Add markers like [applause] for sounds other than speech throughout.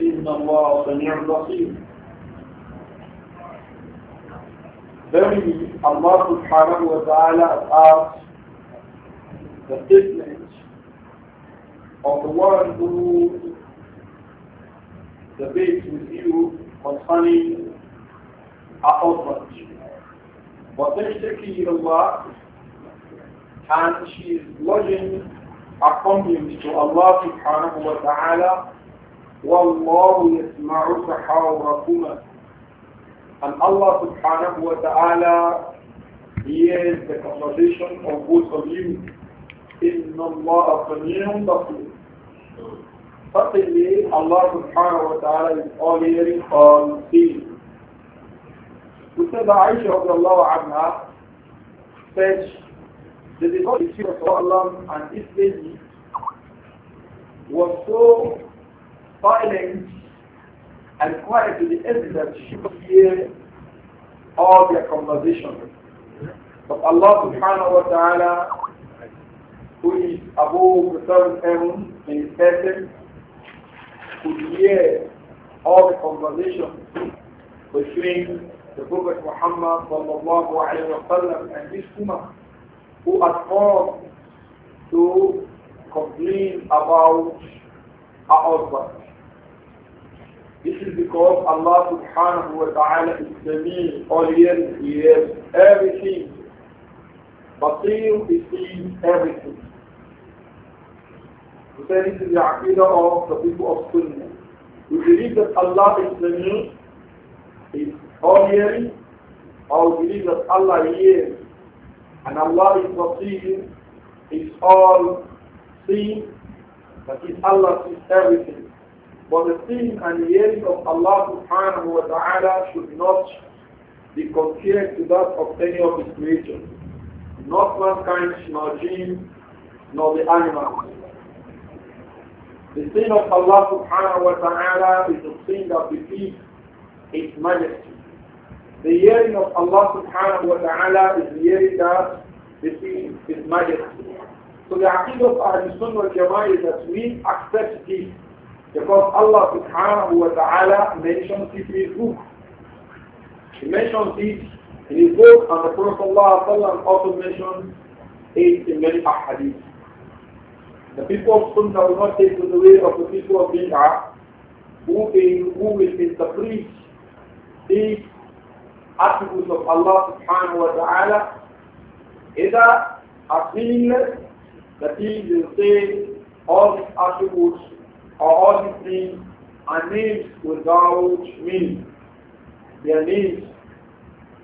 إن الله سميع بصير Verily, Allah subhanahu wa ta'ala the statement of the one who debates with you concerning a husband. But then she Allah and she is lodging a complaint to Allah subhanahu wa ta'ala وَاللَّهُ يَسْمَعُ تَحَاوْرَكُمَا And Allah subhanahu wa ta'ala hears the conversation of both of you. إِنَّ اللَّهَ سَمِيعٌ بَصِيرٌ Certainly, Allah subhanahu wa ta'ala is all-hearing, all-seeing. We said that Aisha radiallahu anha said, the devotee of Allah and his lady was so silent and quiet to the end that she could hear all their conversation. But Allah subhanahu wa ta'ala, who is above the seven heavens in his essence, could hear all the conversation between the Prophet Muhammad sallallahu alayhi wa sallam and his ummah, who had come to complain about our husband. This is because Allah subhanahu wa ta'ala is the mean, all years, he hears everything. Basir, he sees everything. So this is the aqidah of the people of Sunnah. We believe that Allah is the mean, is all hearing, or we believe that Allah hears, and Allah is Basir, is all seeing, that is Allah sees everything. But the seeing and hearing of Allah subhanahu wa ta'ala should not be compared to that of any of his creatures. Not mankind, nor jinn, nor the animals. The sin of Allah subhanahu wa ta'ala is the sin that defeats His majesty. The hearing of Allah subhanahu wa ta'ala is the hearing that defeats His majesty. So the aqid of Ahl Sunnah Jama'ah is that we accept this because Allah subhanahu wa ta'ala mentions it in his book. He mentions it in his book and the Prophet ﷺ also mentioned it in many ahadith. The people of Sunnah will not take to the way of the people of Bid'ah who, who will interpret these attributes of Allah subhanahu wa ta'ala either as meaningless, He will say all these attributes are all these things are names without meaning. They are names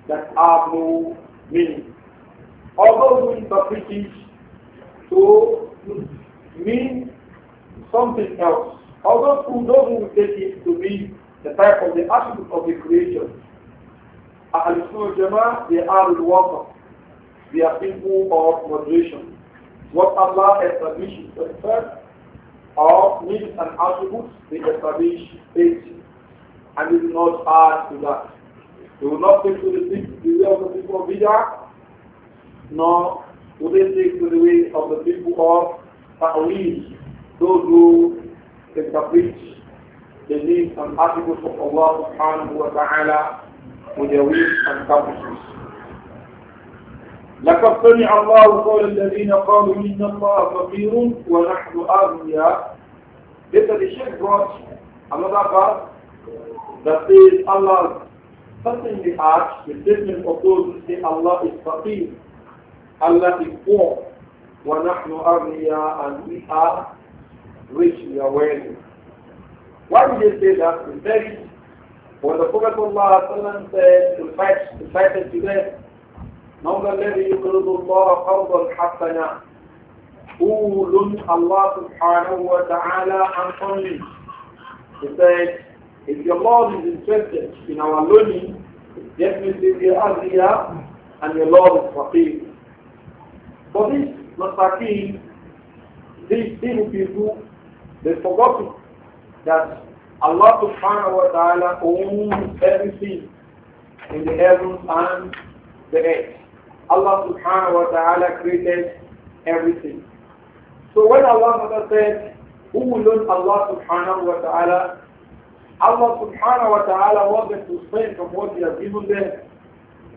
that have no meaning. Although we interpret it to mean something else, although who do who take it to be the type of the attribute of the creation, al they are the water. They are people of moderation. What Allah has permitted, himself or names and attributes, they establish faith. And they do not add to that. They will not take to the, the way of the people of Bid'ah, nor will they take to the way of the people of Ta'wil, those who interpret the names and attributes of Allah subhanahu wa ta'ala with their wings and purposes. لقد سمع الله قول الذين قالوا إن الله فقير ونحن أغنياء إذا الشيخ بروتش أما بعد بسيط الله فقير بحاج بسيط من أطول الله الفقير الذي هو ونحن أغنياء أن we are rich in your way Why did you say that? In fact, when the Prophet Allah said to the من ذا الذي يقرض الله قرضا حسنا قول Allah subhanahu wa ta'ala and only. He said, if your Lord is interested in our learning, definitely we are here and your Lord is faqir. For this masaqir, these evil people, they forgot that Allah subhanahu wa ta'ala owns everything in the heavens and the earth. Allah subhanahu wa ta'ala created everything. So when Allah said, Who will learn Allah subhanahu wa ta'ala, Allah subhanahu wa ta'ala wanted to say from what He has given them.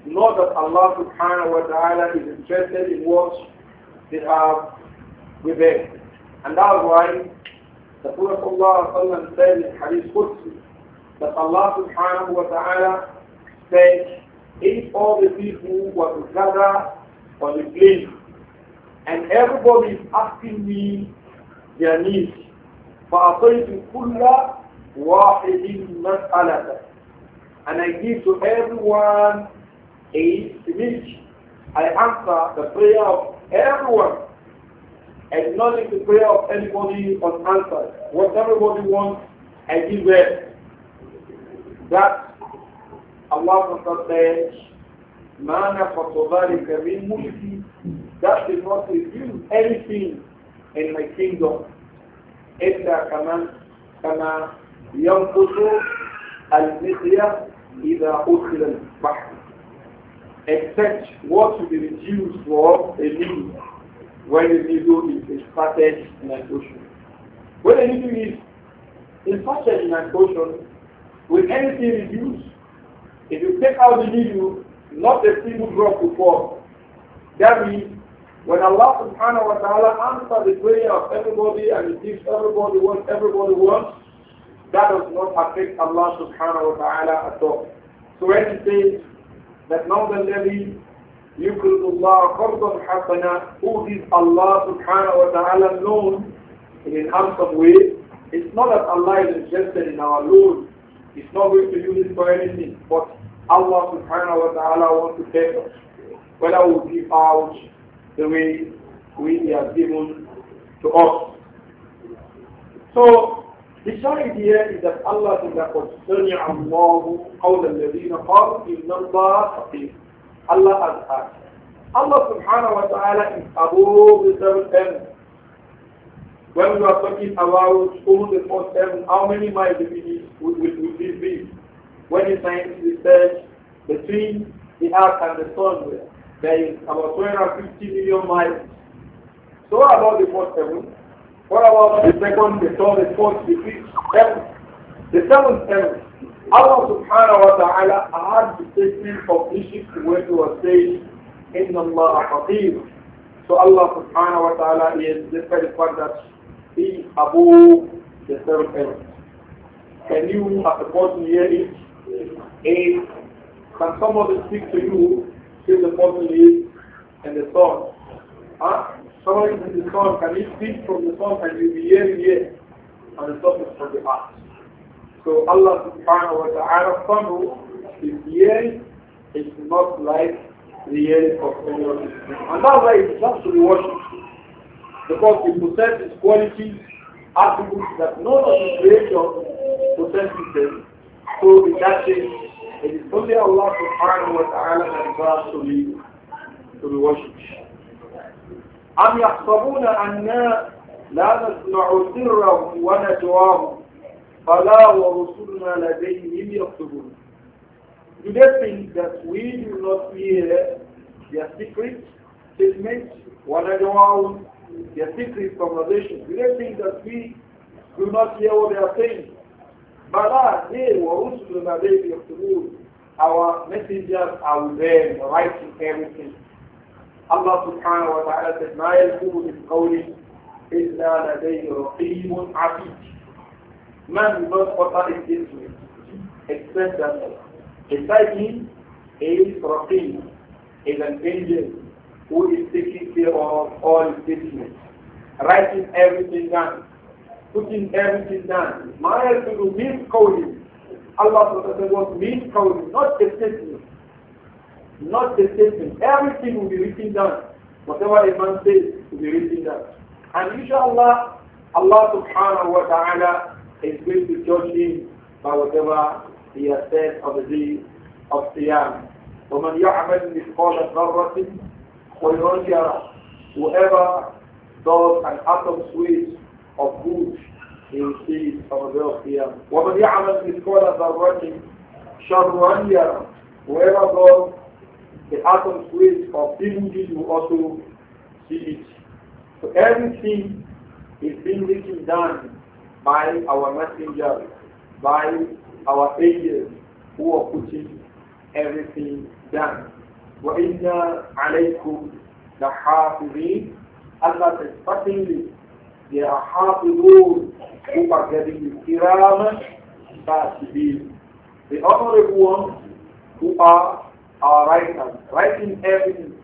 Not that Allah subhanahu wa ta'ala is interested in what they have with them. And that's why the Prophet Allah said in Hadith Qudsi that Allah subhanahu wa ta'ala said, if all the people were to gather on the plane and everybody is asking me their needs, فَأَطَيْتُ كل واحد مسألة and I give to everyone a speech. I answer the prayer of everyone, acknowledging the prayer of anybody unanswered. What everybody wants, I give them. That Allah said, Mana fatobarika min mulki, that did not anything in my kingdom. إلا كما كما ينقص المثية إذا أدخل البحر. Except what will be reduced for a needle when the needle is inserted in an ocean. When a needle is inserted in an ocean, will anything reduce? If you take out the needle, not a single drop will fall. That means when Allah subhanahu wa ta'ala answers the prayer of everybody and gives everybody what everybody wants, that does not affect Allah subhanahu wa ta'ala at all. So when he says that now the Nabi يقرض "Allah, قرضا حسنا who is Allah subhanahu wa ta'ala known in an handsome way it's not that Allah is interested in our loan it's not going to use it for anything but Allah subhanahu wa ta'ala wants to take us whether we give out the way we have given to us. So the shahid here is that Allah said that concerning Allah قول الذين قالوا إن الله حقيق Allah has asked. Allah subhanahu wa ta'ala is above the seven When we are talking about over the first how many miles be we, we when you find research between the Earth and the Sun, there is about 250 million miles. So what about the first heaven? What about the second, the third, the fourth, the fifth heaven? The seventh heaven. Allah subhanahu wa ta'ala had the statement of Egypt when he was saying, Inna Allah qadir. So Allah subhanahu wa ta'ala is the very one that he above the seventh heaven. Can you, have a question here? And can somebody speak to you if the person is and the sun? Huh? Somebody is the sun, can you speak from the sun? Can you be here and here? And the sun is from the heart. So Allah subhanahu wa ta'ala, Samru, his hearing is not like the hearing of anyone. And that's why it not to be worshipped. Because it possesses qualities, attributes that none of the creation possesses them. So in that case, it is only Allah subhanahu wa ta'ala that deserves to be, to be worshipped. أم يحسبون أنا لا نسمع سرهم ونجواهم فلا ورسلنا لديهم يكتبون Do they think that we do not hear their secret statements, ونجواهم, their secret conversations? Do they think that we do not hear what they are saying? Bala, they were Rusul Nabi Yaqtulun. Our messengers are with them, writing everything. Allah subhanahu wa ta'ala said, "No يلقوه من قول إلا لديه رقيب عتيد. Man will not utter his judgment except that beside him is Raqib, is an angel who is taking care of all his business writing everything down putting everything down. My to means coding. Allah said was means coding, not the statement. Not the statement. Everything will be written down. Whatever a man says will be written down. And inshallah, Allah subhanahu wa ta'ala is going to judge him by whatever he has said of the day of Qiyam. وَمَنْ يَعْمَلْ مِثْقَالَ ذَرَّةٍ خَيْرًا يَرَى Whoever does an atom's waste of good he will see it on the day of Qiyam. وَمَنْ يَعْمَلْ مِثْقَالَ ذَرَّةٍ شَرًّا يَرَهُ Whoever goes, the atom weight of evil will also see it. So everything is being written down by our messenger, by our angels who are putting everything down. وَإِنَّا عَلَيْكُمْ لَحَافِظِينَ Allah says, certainly they are hafidun who are getting the kiram tasbih. The honorable ones who are our writers, writing everything.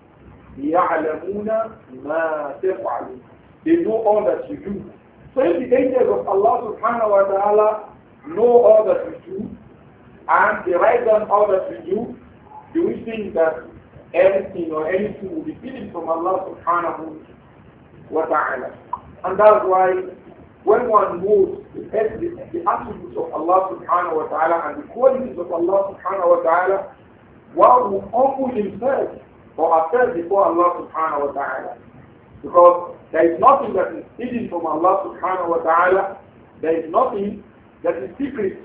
the ما تفعلون. They know all that you do. So if the angels of Allah subhanahu wa ta'ala know all that you do, and they write down all that you do, do you think that everything or anything will be hidden from Allah subhanahu wa ta'ala? And that's why when one knows the, the, the attributes of Allah subhanahu wa ta'ala and the qualities of Allah subhanahu wa ta'ala, one will humble himself or ourselves before Allah subhanahu wa ta'ala. Because there is nothing that is hidden from Allah subhanahu wa ta'ala. There is nothing that is secret.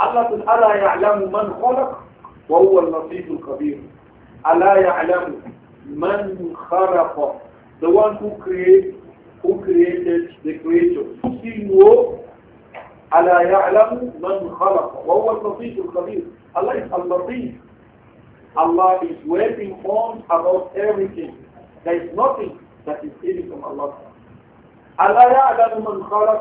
Allah says, أَلَا يَعْلَمُ مَنْ خَلَقَ وَهُوَ اللَّطِيفُ الْخَبِيرُ أَلَا يَعْلَمُ مَنْ خَلَقَ The one who creates who created the creator. Sinuo ala ya'lamu man khalaqa. Wa huwa al-latif al-khabir. Allah is al-latif. Allah is well informed about everything. There is nothing that is hidden from Allah. Allah ya'lamu man khalaq.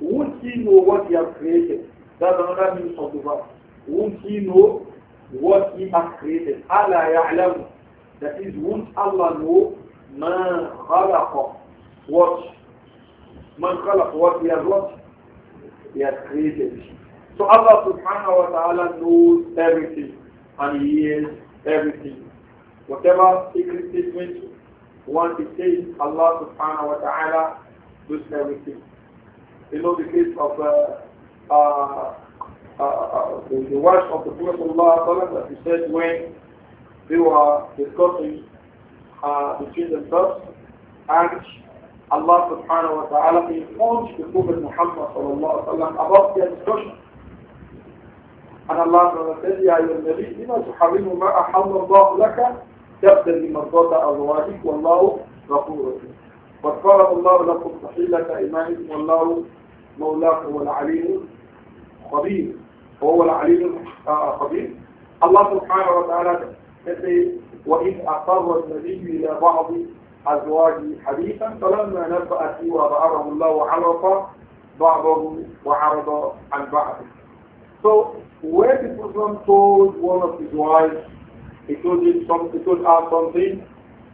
Won't he know what he has created? That's another meaning of the verse. Won't he know what he has created? Allah ya'lamu. That is, won't Allah know man khalaqa what? Man khalaq, what he has what? He has created. So Allah subhanahu wa ta'ala knows everything and he hears everything. Whatever secret statement one is saying, Allah subhanahu wa ta'ala knows everything. You know the case of uh, uh, uh, uh the, the words of the Prophet Allah that he said when they were discussing uh, between themselves and الله سبحانه وتعالى في خوش بكوبة محمد صلى الله عليه وسلم أباق ينسوش أن الله سبحانه وتعالى يا النبي لما تحرم ما أحمد الله لك تبدل لمرضات أزواجك والله غفور وقال الله لكم تحيلة إيمانكم والله مولاك هو العليم خبير وهو العليم خبير الله سبحانه وتعالى وإذ أقر النبي إلى بعض أزواجي حديثا فلما نبأت الله عرف بعضه وعرض عن بعض So where the Prophet told one of his wives, he told, him some, he told her something,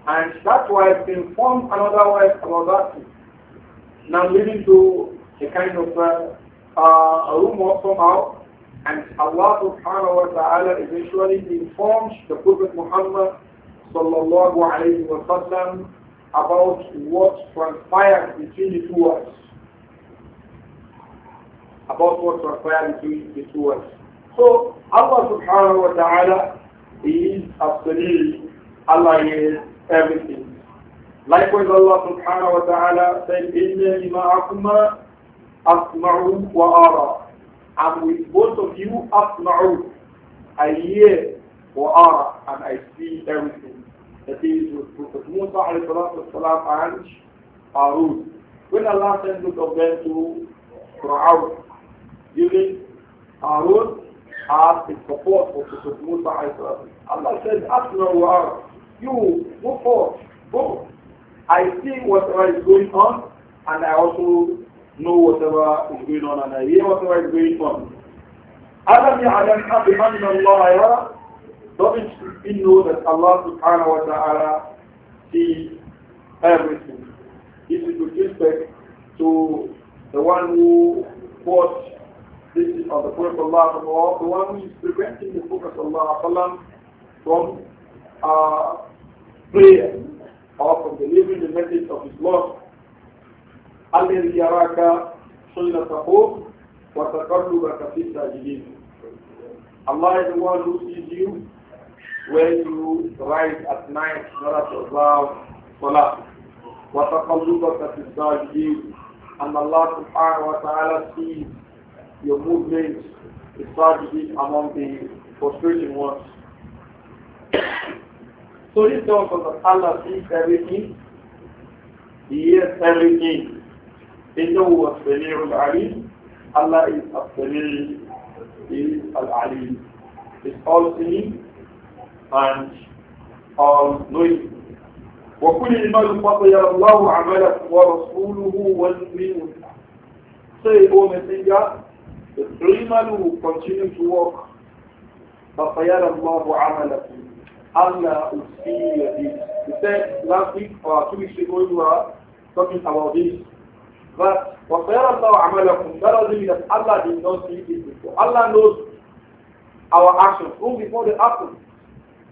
and that wife informed another wife about that. Now leading to a kind of uh, uh, rumor somehow, and Allah subhanahu wa ta'ala eventually informs the Prophet Muhammad sallallahu alayhi wa sallam about what transpired between the two words. About what transpired between the two words. So Allah subhanahu wa ta'ala is absolutely Allah is everything. Likewise Allah subhanahu wa ta'ala said, إِنَّنِي مَعَكُمَا أَسْمَعُ and with both of you, أَسْمَعُ I hear وَأَرَى and I see everything. That is with Prophet Musa والسلام, and Harun. When Allah sent both of them to Fir'aun, giving Harun as his support for Prophet Musa Allah said, no one. you go forth, go. I see whatever is going on and I also know whatever is going on and I hear whatever is going on. ألم يعلم أن الله يرى doesn't he know that Allah subhanahu wa ta'ala sees everything? This is with respect to the one who fought this is of the Prophet Allah, the one who is preventing the Prophet Allah from uh, prayer or from delivering the message of his Lord. الذي يراك حين تقوم Allah is the one who sees you when you rise at night in order to observe Salah. وَتَقَلُّبَكَ فِي السَّاجِدِينَ And Allah subhanahu wa ta'ala sees your movements, the sajidin among the frustrating ones. so this tells us that Allah sees everything, He hears everything. إِنَّهُ وَالسَّمِيعُ الْعَلِيمُ Allah is al-Samir, He is al-Alim. It's all singing, and um, knowing. وكل ما يفضل الله عملكم ورسوله والمؤمنون say, O Messenger, the three men who continue to work, فَطَيَرَ اللَّهُ عَمَلَكُمْ Allah will see your deeds. We said last week or uh, two weeks ago, we were talking about this. But وَطَيَرَ اللَّهُ عَمَلَكُمْ That doesn't mean that Allah did not see it before. Allah knows our actions, even before they happen.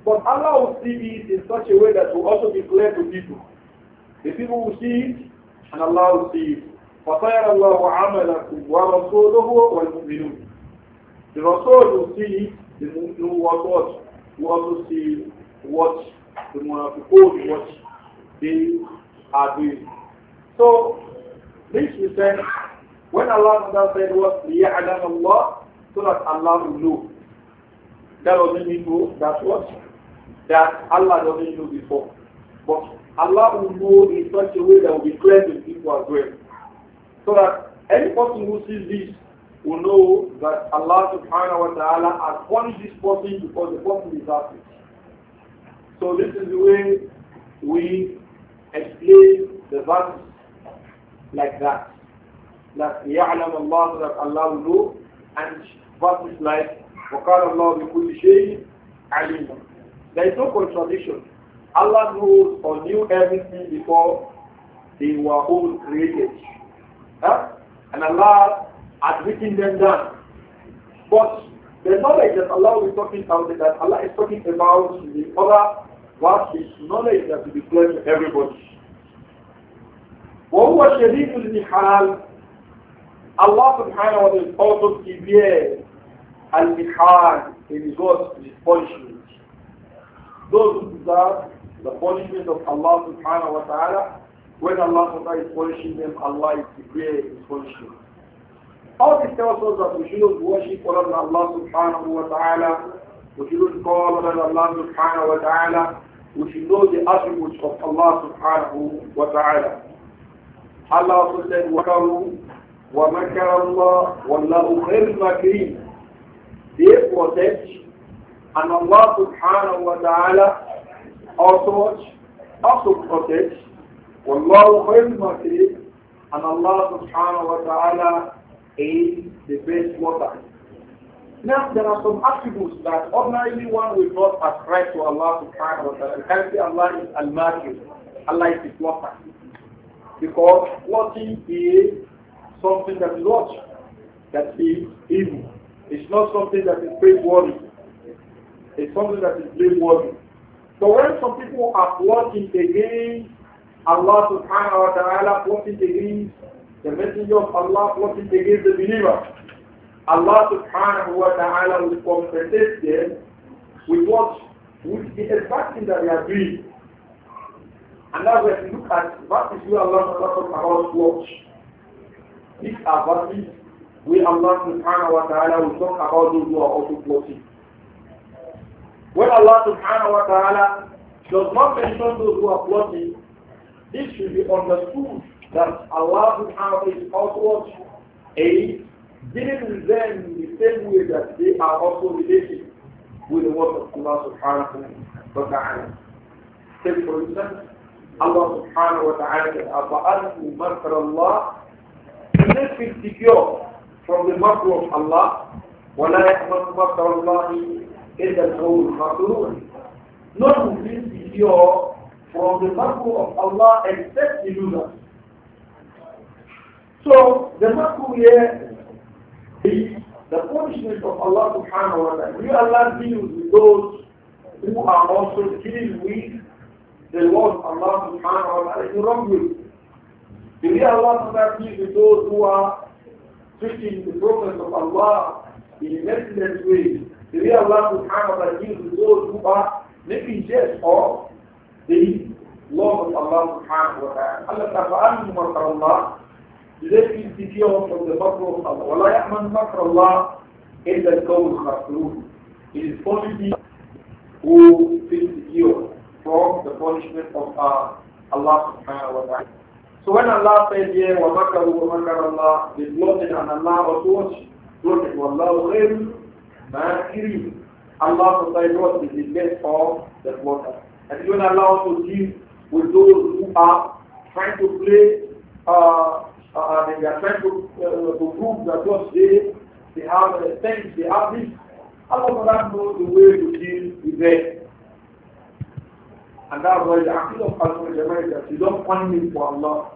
But Allah will see it in such a way that will also be clear to people. The people will see it, and Allah will see it. فَطَيَرَ اللَّهُ عَمَلَكُمْ وَرَسُولُهُ وَالْمُؤْمِنُونَ The Rasul will see it, the Mu'min will watch, will also see what the Munafiqun what they are doing. So, this we said, when Allah said what, لِيَعْلَمَ اللَّهُ So that Allah will know. That was the people that what that Allah doesn't know before. But Allah will know in such a way that will be clear to people as well. So that any person who sees this will know that Allah subhanahu wa ta'ala has punished this person because the person is it. So this is the way we explain the verse like that. That يعلم Allah that Allah will know and verses like وقال الله بكل شيء عليم there is no contradiction. Allah knows or knew everything before they were all created. Huh? And Allah has written them down. But the knowledge that Allah is talking about, that Allah is talking about the other what is knowledge that will be plain to everybody. وهو شديد المحال Allah subhanahu wa ta'ala also severe al-mihal in his words, his punishment. Those who deserve the punishment of Allah subhanahu wa ta'ala, when Allah subhanahu is punishing them, Allah is creating his punishment. All this tells us that we shouldn't worship other Allah subhanahu wa ta'ala, we shouldn't call other Allah subhanahu wa ta'ala, we should know the attributes of Allah subhanahu wa ta'ala. Allah also said, وَكَرُوا وَمَكَرَ اللَّهُ وَاللَّهُ خَيْرُ الْمَكْرِينَ They protect and Allah subhanahu wa ta'ala also also protects. Wallahu khayrul makir. And Allah subhanahu wa ta'ala is the best water. Now there are some attributes that ordinarily one will not ascribe to Allah subhanahu wa ta'ala. You can't say Allah is al-makir. Allah is his water. Because watching is something that is watched, that is evil. It's not something that is praiseworthy is something that is blameworthy. So when some people are working against Allah subhanahu wa ta'ala, working against the messenger of Allah, working against the believer, Allah subhanahu wa ta'ala will compensate them with what? With the exact thing that they are doing. And now when you look at what is where Allah subhanahu wa ta'ala watch, These are verses where Allah subhanahu wa ta'ala will talk about those who are also plotting. When Allah subhanahu wa ta'ala does not mention those who are plotting, this should be understood that Allah subhanahu wa ta'ala is also a dealing with them in the same way that they are also related with the words of Allah subhanahu wa ta'ala. Take for instance, Allah subhanahu wa ta'ala said, أَفَأَلْهُ مَكْرَ اللَّهِ Let's secure from the mercy of Allah وَلَا يَحْمَنُ مَكْرَ اللَّهِ إلا القوم الخاطرون None will be secure from the mercy of Allah except the losers. So the mercy here is the punishment of Allah subhanahu wa ta'ala. We Allah deals with those who are also dealing with the Lord Allah subhanahu wa ta'ala in wrong way. The way Allah subhanahu wa ta'ala with those who are treating the prophets of Allah in a negligent way, the way Allah subhanahu wa ta'ala deals with those who are making jest of the law of Allah subhanahu wa ta'ala. Allah ta'ala makar Allah. Do they feel secure from the makr of Allah? وَلَا يَأْمَنْ مَكْرَ اللَّهِ إِلَّا الْقَوْمُ الْخَاسِرُونَ It is only who feel secure from the punishment of uh, Allah subhanahu wa ta'ala. So when Allah said here, وَمَكَرُوا وَمَكَرَ اللَّهِ They plotted and Allah was watching. Plotted, وَاللَّهُ غَيْرُ mercury. Allah supplies us with the best of the water. And even Allah also deals with those who are trying to play, uh, uh, uh, they are trying to, uh, to prove that what they, they have uh, things, they have this. Allah knows the way to deal with them. And that's why the Aqid of Al-Qur'an is that you don't point him for Allah.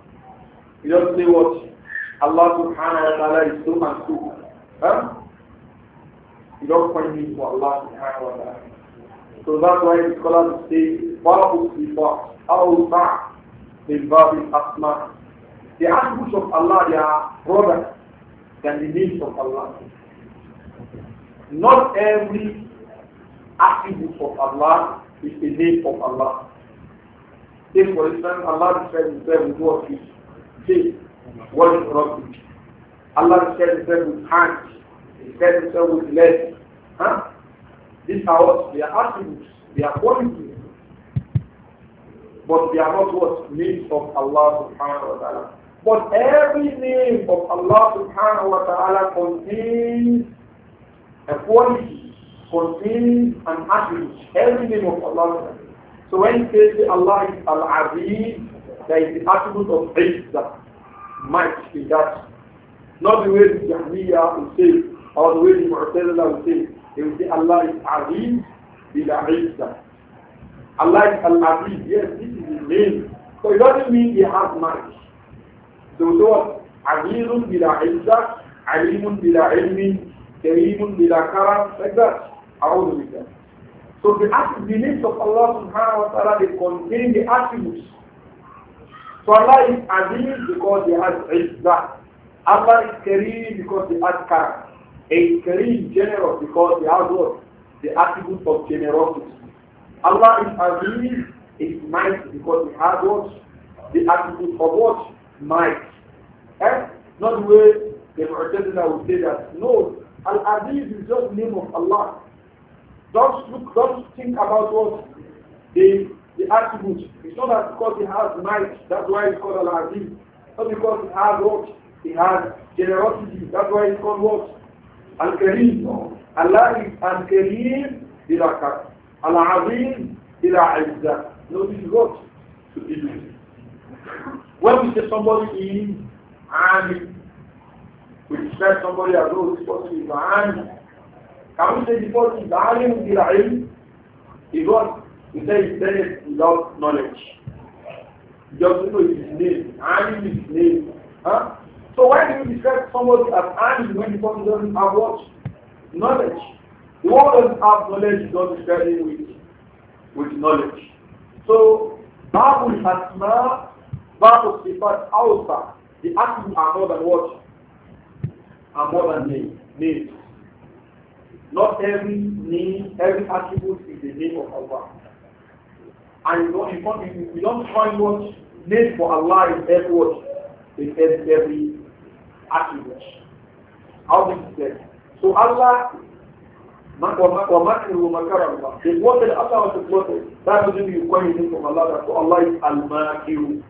You don't say what Allah subhanahu wa ta'ala is so and so. Huh? you don't point me to Allah subhanahu wa ta'ala. So that's why the scholars say, Babu Sifa, Al Ba, in Babu Asma. The attributes of Allah, they are broader than the names of Allah. Not every attribute of Allah is the name of Allah. Take for instance, Allah describes himself with what is faith, what is rubbish. Allah describes himself with hands, he said himself with less. Huh? These are what? They are attributes. They are qualities. But they are not what? Names of Allah subhanahu wa ta'ala. But every name of Allah subhanahu wa ta'ala contains a quality, contains an attribute. Every name of Allah So when you say Allah is Al-Aziz, there is the attribute of Izzah, might be that. Not the way the Jahmiyyah will say or the way the Mu'tazila will say, they will say Allah is Azim bila Isa. Allah is al Yes, this is his name. So it doesn't mean he has much. So so what? Azizun bila Isa, Alimun bila Ilmin, Kareemun bila Karam, like that. A'udhu billah. So the attributes of Allah subhanahu wa ta'ala, they contain the attributes. So Allah is Aziz because he has Izzah. Allah is Kareem because he has Karam a generous because they has what? The attribute of generosity. Allah is Aziz, is might because he has what? The attribute of what? Might. And Not the way the Mu'tazila would say that. No, Al-Aziz is just name of Allah. Don't look, don't think about what? The, the attribute. It's not that because he has might, that's why it's called Al-Aziz. Not because he has what? He has generosity, that's why it's called what? Al-Karim, no. Allah is Al-Karim ila kaf. Al-Azim ila izzah. No, this is what? To Iblis. When we say somebody is amin we describe somebody as though this person is amin, Can we say the person is Alim ila ilm? Is He We say is dead without knowledge. Just know his name. Alim is his name. Huh? So why do you describe somebody as armed when the person doesn't have what? Knowledge. The one doesn't have knowledge is not described with, with knowledge. So Babul Hasma, Babul Sifat Awsa, the actions are more than what? Are more than name, name. Not every name, every attribute is the name of Allah. And you don't, you don't, you don't find what name for Allah in every word, in every, every attributes. How So Allah the one that They Allah That doesn't mean you coin anything from Allah. That Allah is Al-Makir.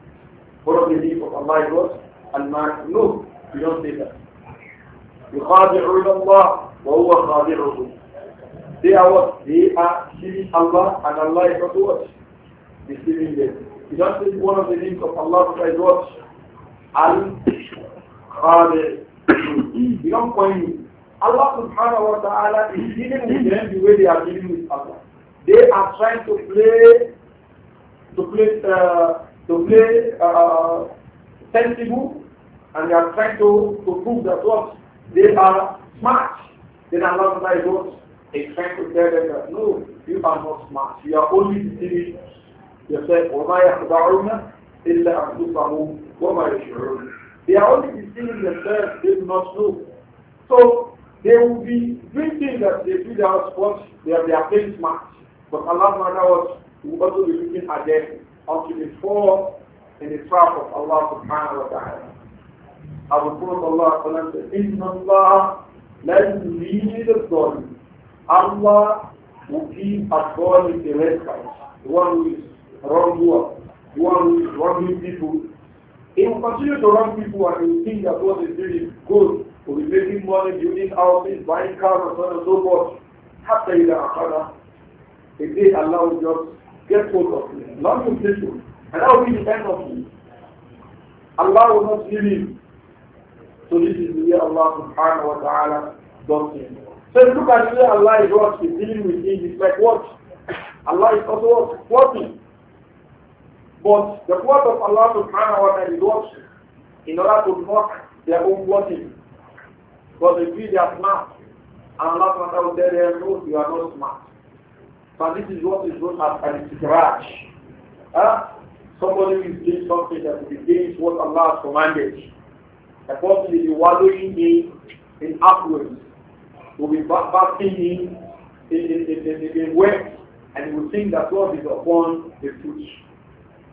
What of the name of Allah was Al-Makir. No, you don't say that. يُخَادِعُونَ اللَّهُ وَهُوَ خَادِعُهُمْ They are what? They are seeing Allah and Allah is not what? Deceiving them. You don't say one of the names of Allah is what? Al-Makir. Khadi. [clears throat] you don't coin me. Allah subhanahu wa ta'ala is dealing with them the way they are dealing with Allah. They are trying to play to play uh, to play uh, sensible and they are trying to, to prove that what they are smart. Then Allah Ta'ala is what is trying to tell them that no, you are not smart. You are only deceiving yourself. وَمَا يَخْدَعُونَ إِلَّا أَنفُسَهُمْ وَمَا يَشْعُرُونَ they are only deceiving themselves, they do not know. So they will be thinking that they feel are sports; they have their face But Allah was will also be looking at them until they fall in the trap of Allah subhanahu wa ta'ala. will Prophet Allah said, Inna Allah let me the story. Allah will be a God in the respite. The one who is wrong the one who is wrong people, he will continue to run people and he will think that what he's doing is good. we will be making money, building houses, buying cars, and so on and so forth. After you are A they will just get hold of him. Not to you, And that will be the end of him. Allah will not leave you. So this is the way Allah subhanahu wa ta'ala does him. So look at the way Allah is he's dealing with him. It's like what? Allah is also Working. But the word of Allah subhanahu wa ta'ala is watching in order to mock their own worship. Because they feel they are smart. And Allah subhanahu wa ta'ala will tell them, no, you are not smart. So this is what is known as al scratch. Huh? Somebody who is doing something that is against what Allah has commanded. A person will be wallowing in, in affluence, will be basking in, in, in, in, in wealth, and will think that God is upon the truth.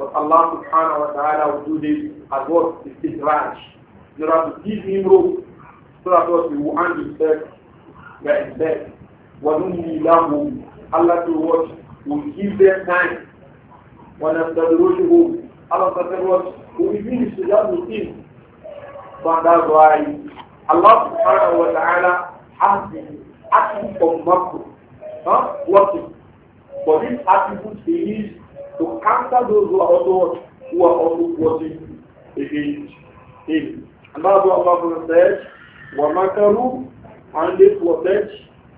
But Allah subhanahu wa ta'ala will do this as what is his ranch. In order to give him rope so that what he will hand himself where his death. وَنُمِّي لَهُمْ Allah to watch will give them time. وَنَفْتَدْرُوشِهُمْ Allah to watch will be finished with him. So that's why Allah subhanahu wa ta'ala has the attribute of Makru. Huh? Working. But this attribute is to counter those who are also who are also plotting against him. And that's what Allah said, وَمَكَرُوا and they plotted,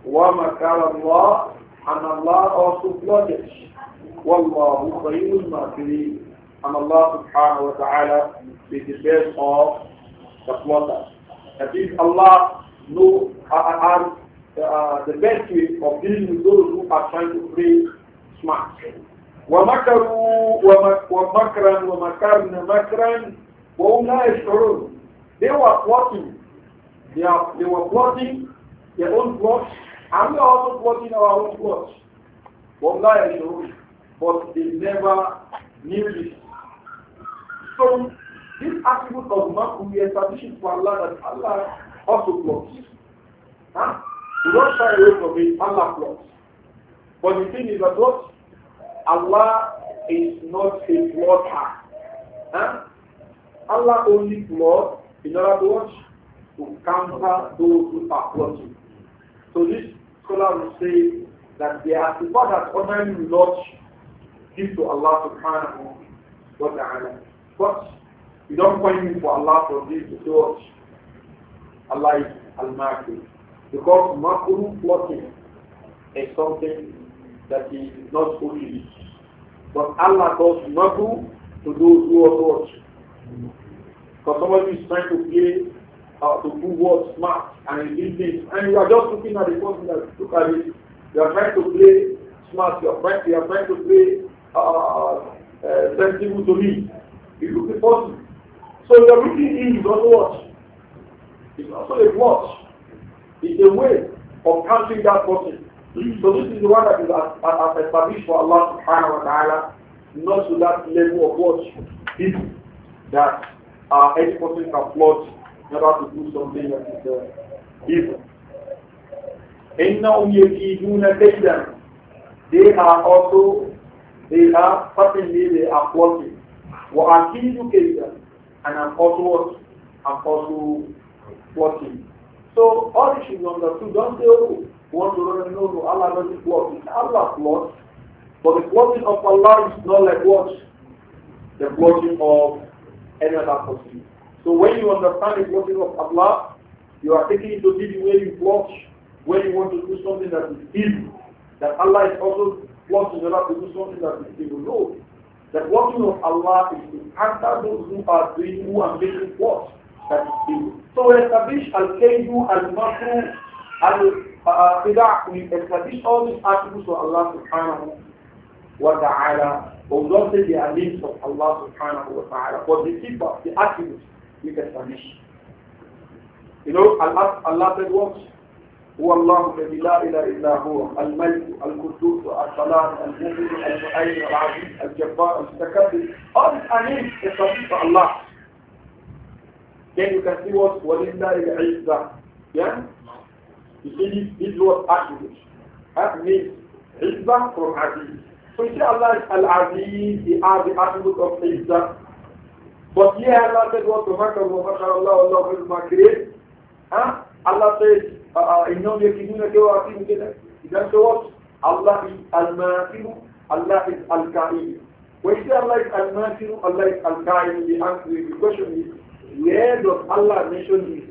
وَمَكَرَ اللَّهُ and Allah also plotted. وَاللَّهُ خَيْرُ الْمَاكِرِينَ And Allah subhanahu wa ta'ala is the best of the plotters. That is Allah knows uh uh, uh, uh, the best way of dealing with those who are trying to play smart. ومكروا ومكرا ومكرنا مكرا وهم لا يشعرون they were plotting they, are, they were plotting their own plots and we are also plotting our own plots وهم لا يشعرون but they never knew this so this attribute of Makru we establish it for Allah that Allah also plots huh? don't shy away from it Allah plots but the thing is that what Allah is not a plotter. Huh? Allah only plots in order to watch to counter those who are plotting. So this scholar will say that they are the God that ordinarily will not give to Allah subhanahu wa ta'ala. But we don't point me for Allah for this to watch. Allah is al-Makru. Because Makru plotting is something that he is not fulfilled. But Allah does nothing to those who are not. Because somebody is trying to play uh, to do what smart and he did this. And you are just looking at the person that look at it. You are trying to play smart, you are trying, you are trying to play uh, uh, sensible to me. You look the person. So you are looking in, is not watch. It's also a watch. It's a way of counting that person. So this is the one that is as established for Allah subhanahu wa ta'ala, not to that level of what if that uh, any person can plot in order to do something that is uh, evil. إنهم يكيدون كيدا they are also they are certainly they are plotting وأكيد كيدا and I'm also I'm also plotting so all this is understood don't say oh one will know no, Allah doesn't plot. It's Allah's plot. But the plotting of Allah is not like what? The plotting of any other person. So when you understand the plotting of Allah, you are taking it to the you plot, when you want to do something that is evil. That Allah is also plotting in order to do something that is evil. No. The plotting of Allah is to answer those who are doing who are making plots that is evil. So establish al-kaydu al-makru al-, -Kaydu, al فآخدع we establish all these attributes of Allah subhanahu wa ta'ala but we don't say they are names of Allah subhanahu wa ta'ala but the keep of the attributes we establish you know Allah, Allah said what هو الله الذي لا اله الا هو الملك القدوس السلام المؤمن المؤمن العزيز الجبار المتكبر all these are names established by Allah then you can see what ولله العزة yeah You see, this word attribute. That means Izzah from Aziz. So you see Allah is Al-Aziz, He has the attribute of Izzah. But here Allah said, what Maka Allah, Allah is my creator. Huh? Allah says, uh, uh, إِنَّهُمْ yakinuna كَوَا عَقِيمُ كَذَا He then not what? Allah is Al-Maqimu, Allah is Al-Ka'im. When you say Allah is Al-Maqimu, Allah is Al-Ka'im, the answer, the question is, where does Allah mention this?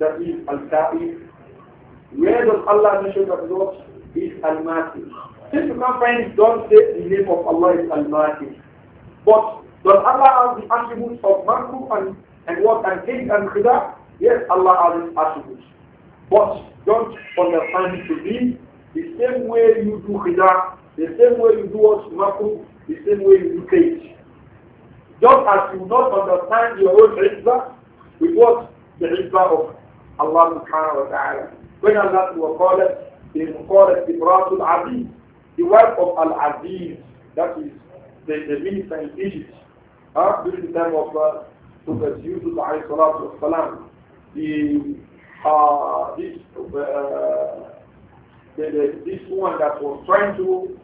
That is Al-Ka'im where does Allah mention that God is Almighty? Since my friends don't say the name of Allah is Almighty. But does Allah have the attributes of Makhluk and, and what and King and Khida? Yes, Allah has his attributes. But don't understand it to be the same way you do Khida, the same way you do what Makhluk, the same way you do Cage. Just as you not understand your own Izzah with what the Izzah of Allah subhanahu wa ta'ala. When Allah وقالت قالت امرأة العزيز the wife of Al-Aziz, that is the, the minister in Egypt, uh, during the time of uh, Prophet Yusuf والسلام, the, uh, this, uh, the, the, this one that was trying to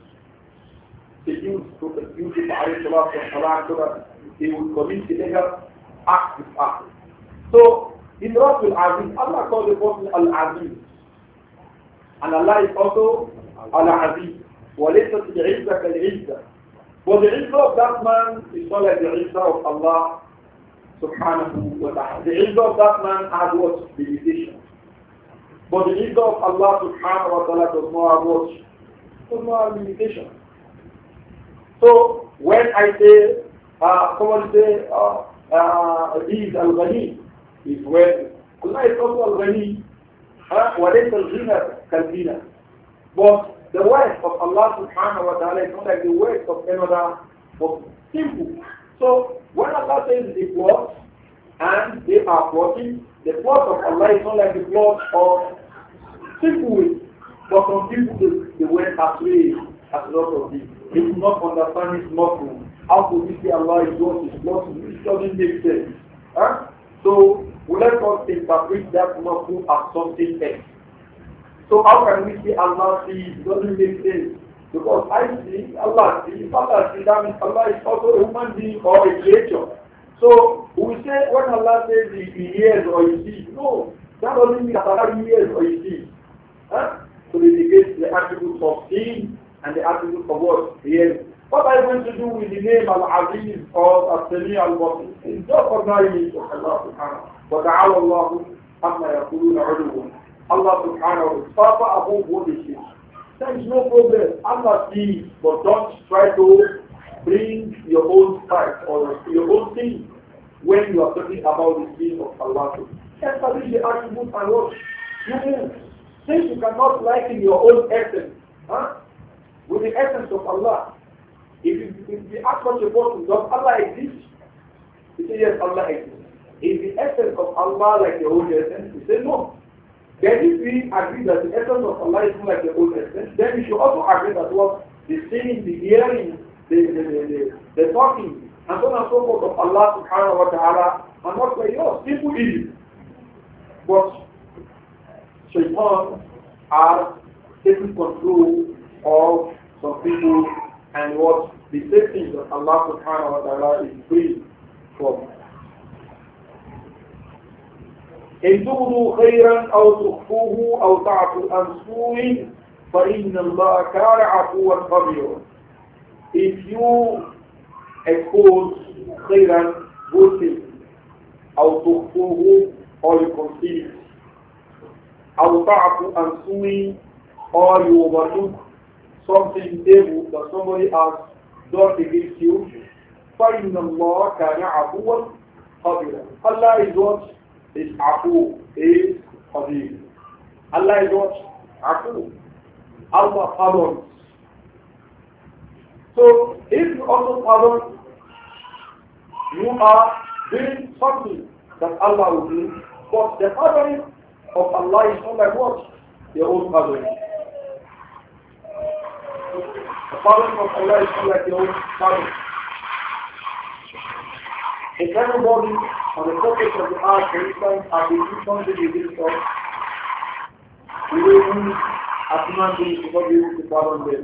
seduce Prophet Yusuf والسلام, so that he would commit illegal acts with her. So in not with Aziz. Allah called the person Al-Aziz. And Allah is also Al-Aziz. وَلَيْسَتْ الْعِزَّةَ كَالْعِزَّةِ But the izzah of that man is not like the izzah of Allah subhanahu wa ta'ala. The izzah of that man has what? Limitation. But the izzah of Allah subhanahu wa ta'ala does not have what? Does not have limitation. So when I say, uh, someone say, uh, uh, is al-ghani, is when Allah is also al-ghani. وَلَيْسَ الْغِنَى كَالْغِنَى But the wealth of Allah subhanahu wa ta'ala is not like the wealth of another of Simple. So when Allah says the plot and they are plotting, the plot of Allah is not like the plot of people. But some people they, they went astray as a lot of this. They do not understand his muscle. How could we say Allah is what is what? This doesn't make sense. So let us interpret that mafhum as something else. So how can we say Allah sees? Doesn't make sense. Because I see Allah sees, Allah sees, that means Allah is also a human being or a creature. So we say when Allah says he, hears or he sees, no, that doesn't mean that Allah hears or he sees. Huh? So it indicates the attributes of seeing and the attributes of what? Hearing. What are you going to do with the name Al-Aziz or Al-Sami Al-Basir? It's just of Allah subhanahu wa ta'ala. Allah amma yakulun uluwa. Allah subhanahu wa Taala above what they say. There is no problem. Allah sees, but don't try to bring your own side or your own thing when you are talking about the name of Allah. Establish the attributes and what you mean Since you cannot liken your own essence huh, with the essence of Allah, if, you, if what act of does Allah exist? He said, yes, Allah exists. Is the essence of Allah like the old essence? He said, no. Then if we agree that the essence of Allah is not like the old essence, then we should also agree that what the seeing, the hearing, the, the, the, the, the talking, and so on and so forth of Allah subhanahu wa ta'ala are not like yours. People did it. But shaitan are taking control of some people and what the same that Allah subhanahu wa ta'ala is free from. إن تبدوا خيرا أو تخفوه أو تعفوا عن سوء فإن الله كان عفوا خبيرا. If you expose خيرا good things أو تخفوه or you conceal أو تعفوا عن سوء or you overlook something evil that somebody has done against you, فَإِنَّ اللَّهَ كَانَ عَفُوًا قَبِيلًا Allah is what? Is afu, is qabil. Allah is what? Afu. Allah pardons. So, if you also pardon, you are doing something that Allah will do, but the pardoning of Allah is not like what? Your own pardoning following of Allah is not like your own following. If everybody on the surface of the earth, for instance, are the instance of the wisdom, we will even as human beings to not be able to pardon them.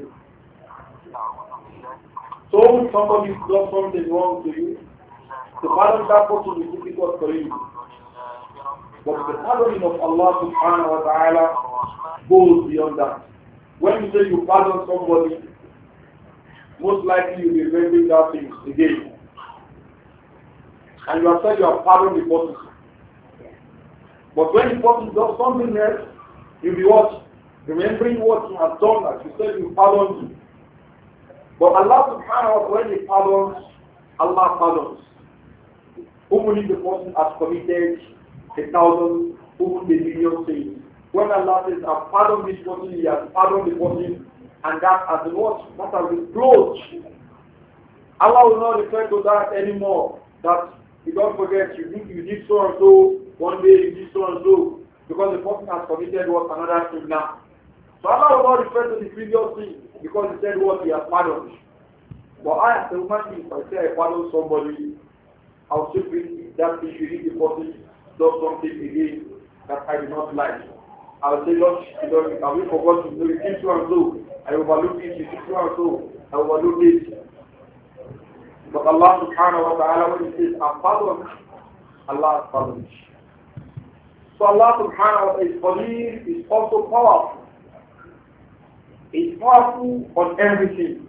So if somebody does something wrong to you, to pardon that person is difficult for you. But the pardoning of Allah subhanahu wa ta'ala goes beyond that. When you say you pardon somebody, most likely you'll be remembering that thing again. And you have said you have pardoned the person. But when the person does something else, you'll be what? Remembering what you have done, That you said you pardoned him. But Allah subhanahu wa ta'ala, when he pardons, Allah pardons. Who if the person has committed a thousand, even a million sins. When Allah says, I pardon this person, he has pardoned the person and that as a what? That a reproach. Allah will not refer to that anymore. That you don't forget you did you did so and so, one day you did so and so, because the person has committed what another thing now. So Allah will not refer to the previous thing because he said what he has pardoned. But I as a human if I say I pardon somebody, I'll still bring that issue if the person does something again that I do not like. I'll say, Lord, you know, have you forgotten to did so and so? I overlooked it, it's so and so, I overlooked it. But Allah subhanahu wa ta'ala, when He says, I'm pardoned, Allah is pardoned. So Allah subhanahu wa ta'ala is also powerful. He's powerful on everything.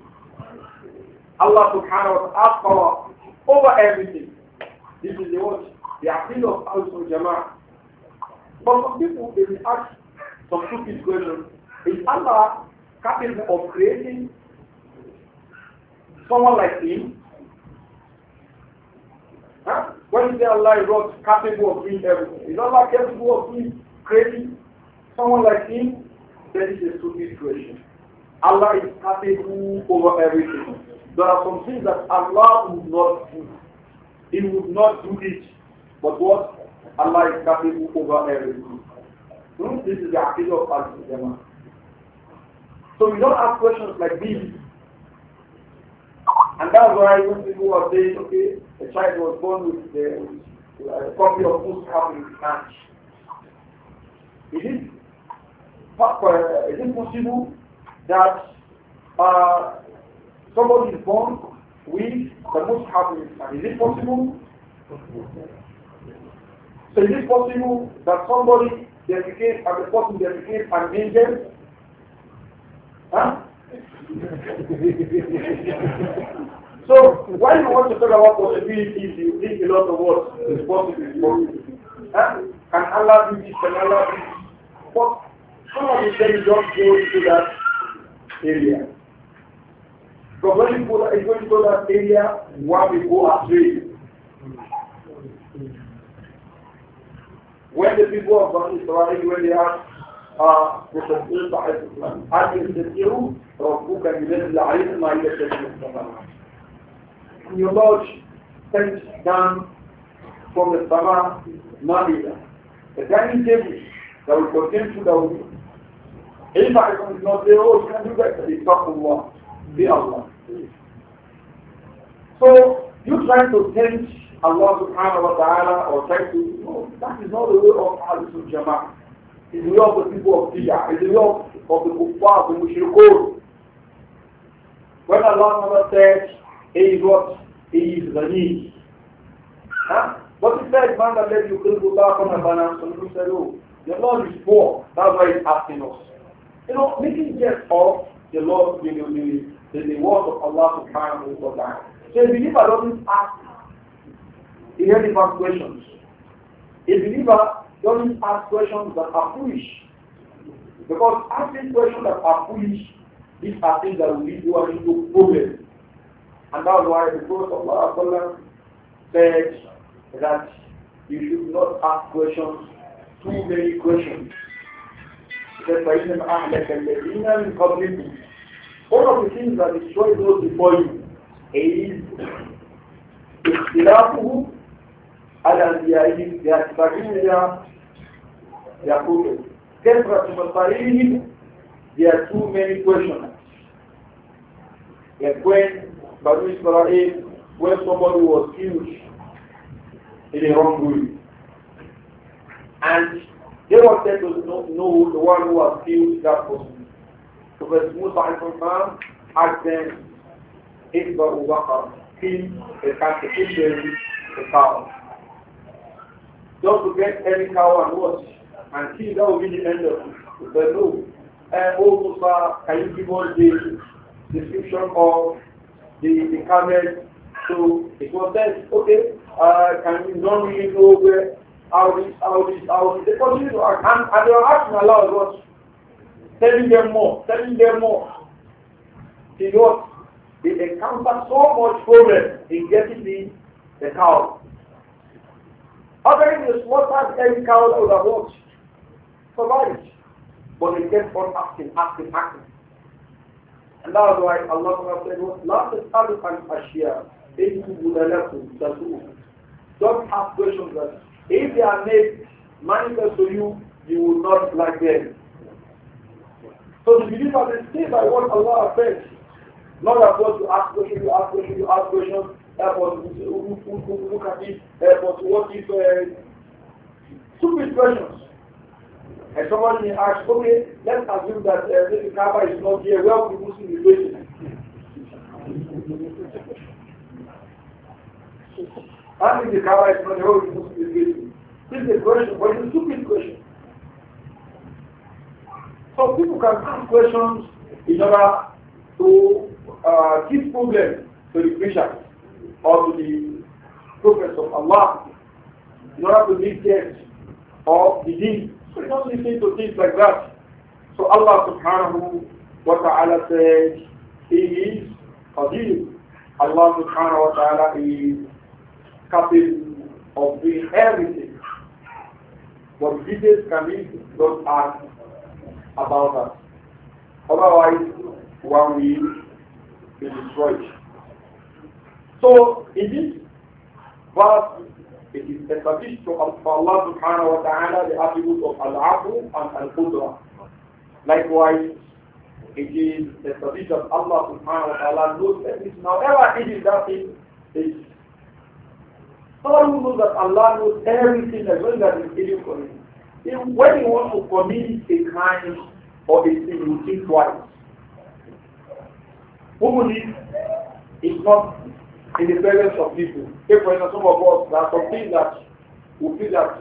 Allah subhanahu wa ta'ala has power over everything. This is the what? The appeal of Al Jama'ah. But some people, they will ask some stupid question. Is Allah capable of creating someone like him? Huh? When you say Allah is not capable of doing everything, is Allah capable of doing creating someone like him? That is a stupid question. Allah is capable over everything. There are some things that Allah would not do. He would not do it. But what? Allah is capable over everything. Hmm? This is the aqidah of Al-Jamaah. So we don't ask questions like these. And that's why when people are saying, okay, a child was born with, the, uh, a copy of Mus'haf in his hand. Is it possible that uh, somebody is born with the happy in his hand? Is it possible? So is it possible that somebody defecates and the person defecates an angel [laughs] so why you want to talk about possibilities, you think a lot of what is possible is possible. Huh? Can Allah do this? Can Allah do this? But some of the things don't go into that area. But when you go, you go into that area, one will go astray. When the people of Israel, when they are. وتسليط حفظنا حتى يستطيعوا ربك ينزل عليهم ما يتسليط السماء And your Lord sent down from the Sama The dining table that will contain food that will If I can not say, oh, you can do better, it's not Allah. Be Allah. So, you try to tempt Allah subhanahu wa ta'ala or try to, no, that is not the way of al Jama'ah. Is the way of the people of Tija. Is the way of, of the Kuffar, the Mushrikun. When Allah said, He is what? He is the need. Huh? But he said, man that let you kill Butafan and Banan, so he said, oh, the Lord is poor. That's why he's asking us. You know, making guess of the Lord, you the, the, the word of Allah subhanahu wa ta'ala. So a believer doesn't ask irrelevant questions. A believer don't ask questions that are foolish. Because asking questions that are foolish, these are things that will lead you into problems. And that's why the Prophet of Allah said that you should not ask questions, too many questions. He said, فَإِنَّمْ أَهْلَكَ الَّذِينَ مِنْ One of the things that destroys those before you is اختلافهم على أنبيائهم يتبعون يقول كثرة مصاريهم there are too many questions. Like when Banu Israel, when somebody was killed in a wrong way, and they were said to know, know the one who was killed that person. So the Musa asked them, Isba Ubaqar, kill the cat, kill the cow just to get any cow and watch and kill, that will be the end of the But no. also, eh, oh, Musa, can you give us the description of the, the camel? So it was said, okay, uh, can we not really go where, how this, how this, how this. They continue to ask, and, and they are asking Allah us. Telling them more, telling them more. See what? They encounter so much problem in getting the, the cow. Ordering the slaughter of any cow would have watched for marriage. But they kept on asking, asking, asking. And that is why Allah said, Not the Salif and Ashia, if you would have left Don't ask questions that if they are made manifest to you, you will not like them. So the believers they stay by what Allah has said. Not that what you ask questions, you ask questions, you ask questions, uh, but look, look, look at this. uh, but what if, uh, eh, stupid questions. And somebody may ask, okay, let's assume that uh, eh, this Kaaba is not here, where will the Muslim be facing? and if the Kaaba is not here, where will the Muslim be facing? This is a question, but it's a stupid question. So people can ask questions in order to uh, give problems to the preacher or to the prophets of Allah in order to meet death or the deen. So don't listen to things like that. So Allah subhanahu wa ta'ala says, He is Qadir. Allah subhanahu wa ta'ala is capable of doing everything. What details can be don't ask about us? Otherwise, one will be destroyed. So in this verse, it is established to Allah subhanahu wa ta'ala the attributes of Al-Afu and Al-Qudra. Likewise, it is established of Allah subhanahu wa ta'ala knows everything. Now, ever it is that thing is Someone who knows that Allah knows everything as well that is hidden for him. If, when he wants to commit a crime or a sin, he will think twice. Who believes it's not in the presence of people. Take for instance, some of us, there are some things that we feel that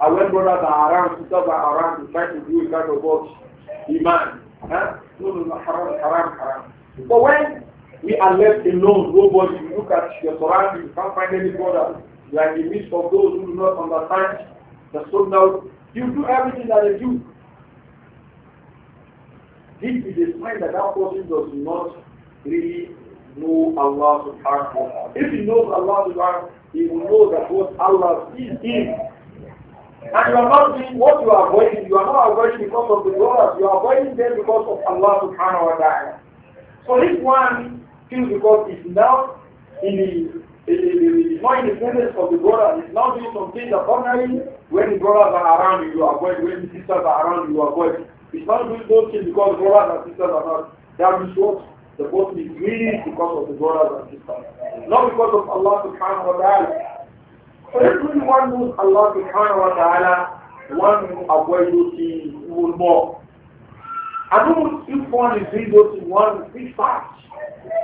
our when brothers are around, sisters are around, we try to do a kind of what? Iman. Huh? No, no, no, haram, haram, haram. But when we are left alone, nobody, you look at your surroundings, you can't find any brother. You are in the midst of those who do not understand the sunnah. You do everything that they do. This is a sign that that person does not really know Allah subhanahu wa ta'ala. If he knows Allah subhanahu wa ta'ala, he will know that what Allah sees is. And you are not doing what you are avoiding. You are not avoiding because of the dollars. You are avoiding them because of Allah subhanahu wa ta'ala. So this one feels because he's is in the, in the, in not in the presence of the brother. It's not doing something that ordinarily when the brothers are around you, you avoid. When the sisters are around you, you avoid. It's not doing those things because brothers and sisters are not. That is what the boat is really because of the brothers and sisters, not because of Allah subhanahu wa ta'ala. So one knows Allah subhanahu wa ta'ala, one who avoid those things even more. I know if one is doing those things, one will be fast.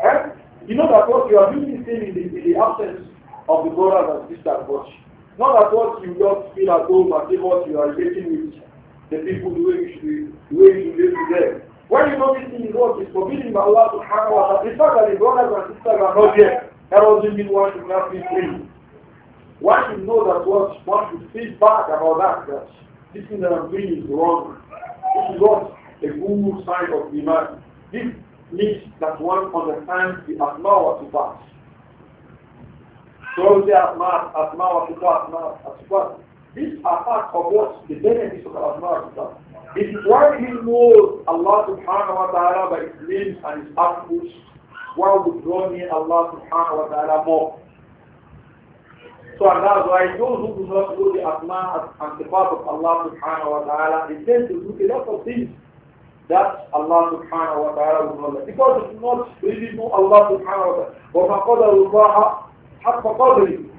Eh? You know that what you are doing is in the, the absence of the brothers and sisters, but not that what you just feel at home and what you are relating with the people the way you should, the way you should live with them. When you know notice in what is forbidden by Allah subhanahu wa ta'ala, the fact that the brothers and sisters are not here, that doesn't mean one should not be free. One should know that what one should feel bad about that, that this thing that I'm doing is wrong. This is not the good sign of the iman. This means that one on the asma wa sifat. So the asma, asma wa sifat, asma wa sifat. These are part of what the benefits of asma wa sifat. It is why he knows Allah subhanahu wa ta'ala by his names and his attributes, What would draw near Allah subhanahu wa ta'ala more? So and that's why those who do not know the Asma and the part of Allah subhanahu wa ta'ala, they to do a lot of things that Allah subhanahu wa ta'ala will not Because they do not really know Allah subhanahu wa ta'ala. حق قدره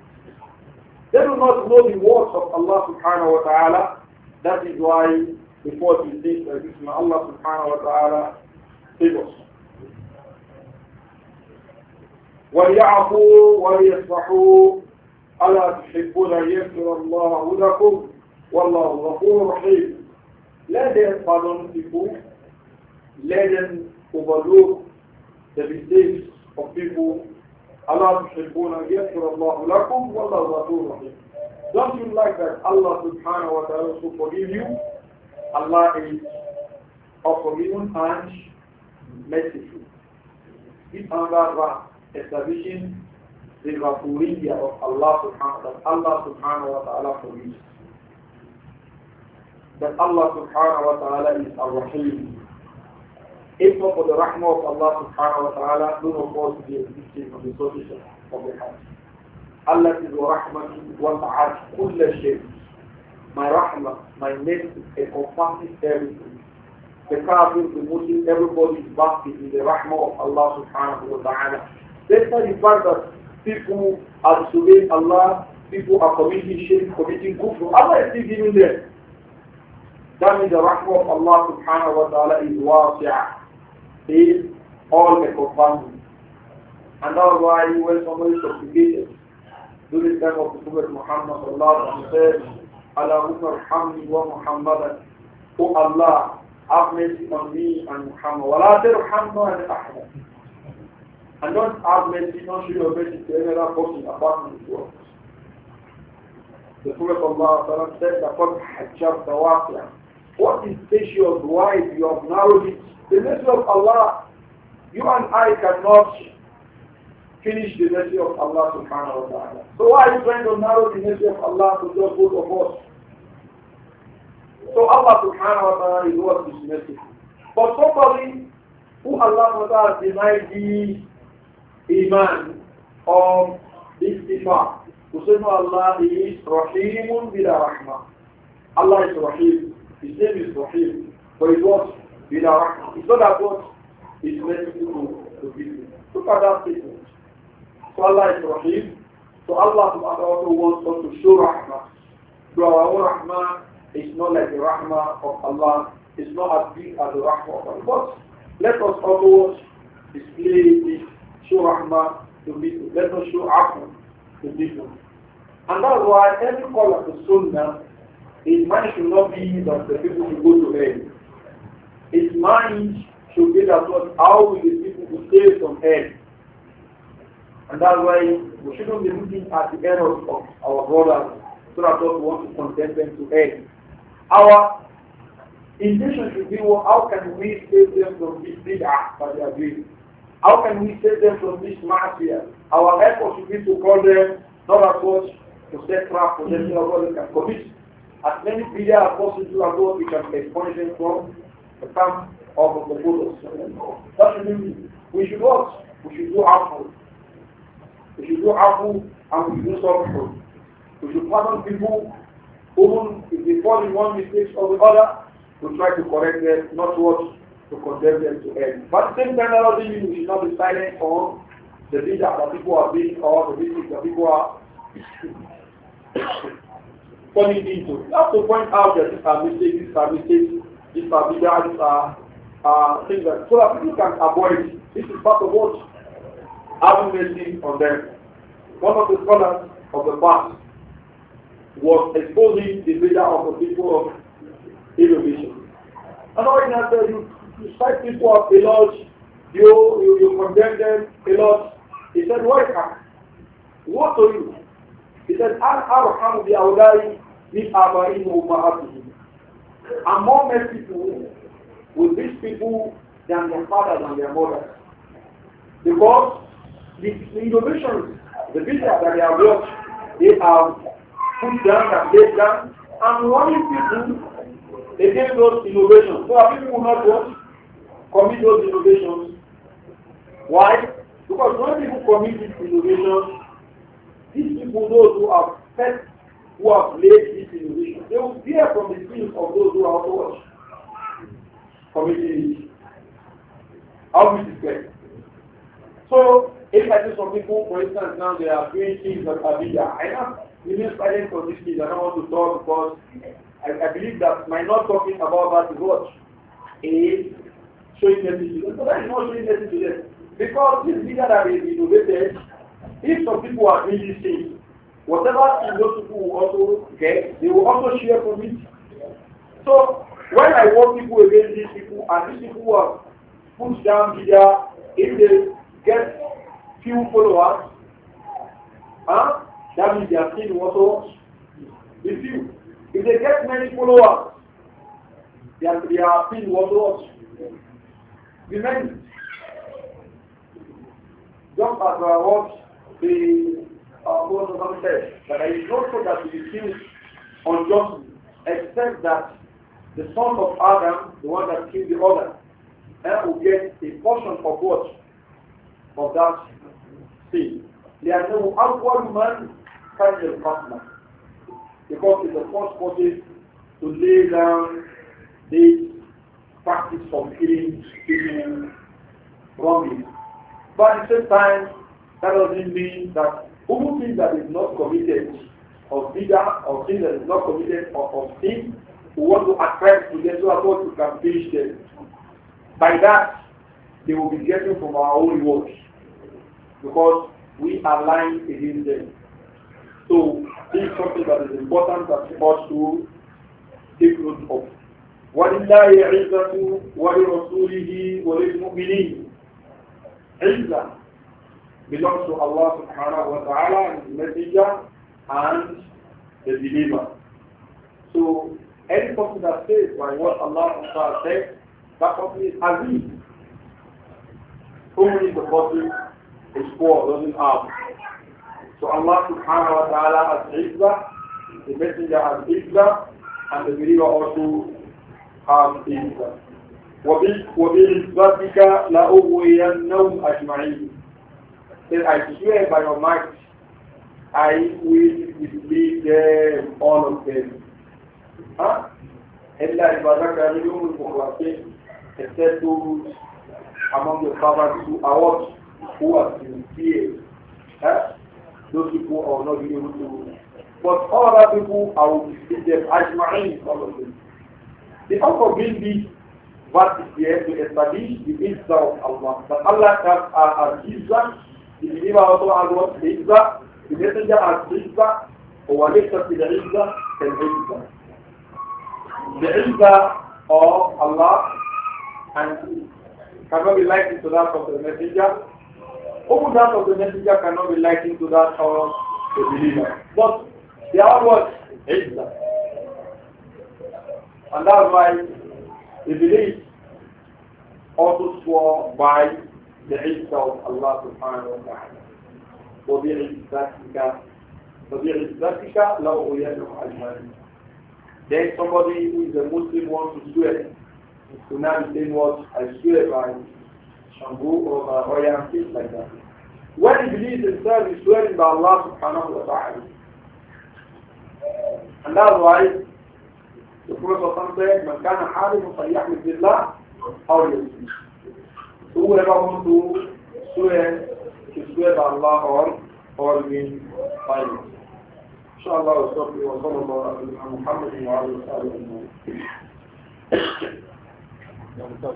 They do not know the words of Allah subhanahu wa ta'ala. That is why before this day like this. May Allah subhanahu wa ta'ala save us. وليعفوا وليصفحوا ألا تحبون أن يغفر الله لكم والله غفور رحيم لا دين pardon people, لا دين overlook the mistakes of people. تحبون أن يغفر الله لكم والله غفور رحيم Don't you like that Allah subhanahu wa ta'ala will forgive you Allah is of forgiving and merciful. This another verse establishing the Ghafuriyya of Allah subhanahu that Allah subhanahu wa ta'ala forgives. That Allah subhanahu wa ta'ala is Ar-Rahim. If not for the rahmah of Allah subhanahu wa ta'ala, none of us the existing of the surface of the heart. Allah is Rahman wa ta'ala kulla shay'in my rahmah, my mercy, it encompasses everything. The kafir, the Muslim, everybody is back in the rahmah of Allah subhanahu wa ta'ala. That's why the fact that people are serving Allah, people are committing shirk, committing kufr, Allah is still giving them. That means the rahmah of Allah subhanahu wa ta'ala is wasi'ah, is all encompassing. And that's why when somebody supplicated during the time of the Prophet Muhammad Allah said, اللهم ارحمني ومحمدا O Allah, have mercy on me and Muhammad. ولا ترحمنا أحدا. And don't have mercy, don't show your mercy to any other person apart from yourself. The Prophet Allah said that God hajjab the waqia. What is spacious wide you have narrowed it. The mercy of Allah, you and I cannot finish the mercy of Allah subhanahu wa ta'ala. So why are you trying to narrow the mercy of Allah to just both of us? So Allah subhanahu wa ta'ala is what is mercy. But somebody who Allah subhanahu wa ta'ala denied the iman of this iman, to say no Allah is Rahimun bila Rahmah. Allah is Rahim. His name is Rahim. But it was bila Rahmah. It's not about His mercy to, to people. Look at that statement. So Allah is Rahim. So Allah subhanahu wants us to show Rahmah. So our own Rahmah is not like the Rahmah of Allah. It's not as big as the Rahmah of Allah. But let us also display this show Rahmah to people. Let us show Rahmah to people. And that's why every call of the Sunnah, his mind should not be that the people should go to hell. His mind should be that what, how will the people who stay from hell? And that's why we shouldn't be looking at the errors of our brothers so that God want to condemn them to hell. Our intention should be well, how can we save them from this bid'ah they are doing? How can we save them from this mafia? Our effort should be to call them not as much to set trap for them so that they can commit as many bid'ah as possible as well we can expose them from the camp of the Buddhists. That should be, we should not. We should do part. We should do Abu and we you do Sabr, We should pardon people, even if they fall in one mistake or the other, we try to correct them, not what to condemn them to end. But the same time, another thing we should not be silent on the things that people are being or the leader that people are falling into. You have to point out that these are mistakes, these are mistakes, these are bigger, these are uh, things that so that people can avoid. This is part of what having mercy on them. One of the scholars of the past was exposing the leader of the people of innovation. And all in answer, uh, you, you cite people up a lot, you, you, you condemn them a lot. He said, why can't? What are you? He said, "An Arham bi awlai min abaihim wa ummahatihim. I'm more merciful with these people than their fathers and their mothers. Because the, innovation, the business that they have worked, they have put down and laid down and warning people against those innovations. So people will not just commit those innovations. Why? Because when people commit these innovations, these people, those who have set, who have laid these innovations, they will fear from the sins of those who are also committing it. How we So if I do some people, for instance, now they are doing things that are bigger, I am even silent for these things. I don't want to talk because I, I believe that my not talking about that is what is showing message to them. So that is not showing message to them. Because this bigger that is innovated, if some people are doing these things, whatever those people will also get, they will also share from it. So when I want people against these people and these people who have down media, if they get few followers, huh? that means they are still also be you, If they get many followers, are they are still also be many. Just as uh, what the uh, Prophet said, that there is not so that we refuse unjustly, except that the son of Adam, the one that killed the other, and eh, will get a portion of what? Of that فيه لأنه أول من كان القسمة because it's the first person to lay down this practice of killing people wrongly. But at the same time, that doesn't mean that who thing that is not committed of bigger or thing that is not committed of, of sin who want to attract to them so that you can finish them. By that, they will be getting from our own works because we are lying against them. So this is something that is important that we ought to take note of. ولله عزة ولرسوله وللمؤمنين عزة belongs to Allah subhanahu wa ta'ala and the messenger and the believer. So any person that says by what Allah subhanahu wa ta'ala says, that person is Aziz. Who is the person is So um, Allah subhanahu wa ta'ala has izzah, the messenger has izzah, and the believer also has izzah. وبعزتك لأغوينهم أجمعين. I swear by your might, I will mislead them, all of them. Huh? إلا عبادك منهم المخلصين except those among the servants who are what? who are sincere, eh? those people are not be able to. But all other people, I will defeat them, ajma'in, all of them. The hope of being this verse here to establish the Izzah of Allah. That Allah has uh, an uh, Izzah, the believer also has what? Izzah, the messenger has Izzah, وليست العزة كالعزة The Izzah of Allah and cannot be likened to that of the messenger even that of the messenger cannot be likened to that of the believer. But they are is that, And that's why the belief also swore by the name of Allah subhanahu wa ta'ala. Then somebody who is a Muslim wants to swear. he cannot say what? I swear by لك يعني وإبليس الثالث سؤال بأ الله سبحانه وتعالى هل هذا وعيد يقول صلى من كان حالي مصيح من ذلك الله أو يبليس هو بأ مدو سؤال سؤال بأ الله أور أور من طيب إن شاء الله أستغفر وصلى الله على محمد وعلى وسلم يا مطلق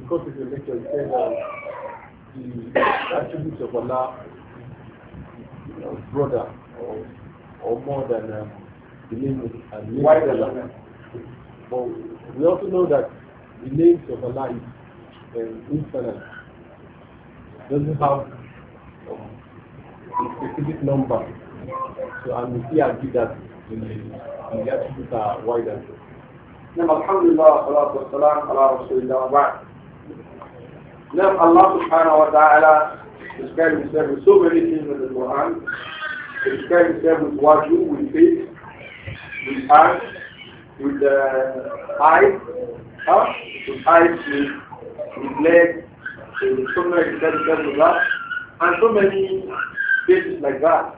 because of the lecture, he said that the attributes of Allah is broader or, or more than uh, the name of the Why Allah. But we also know that the names of Allah is um, infinite. Doesn't have um, a specific number. So and we see agree that the, the attributes are wider. نعم الحمد لله والصلاة والسلام على رسول الله وبعد now Allah subhanahu wa ta'ala is himself with so many things in the Quran. He described himself with you with feet, with hands, with the eyes, huh? with eyes, with, with legs, with so many things with that, and so many places like that.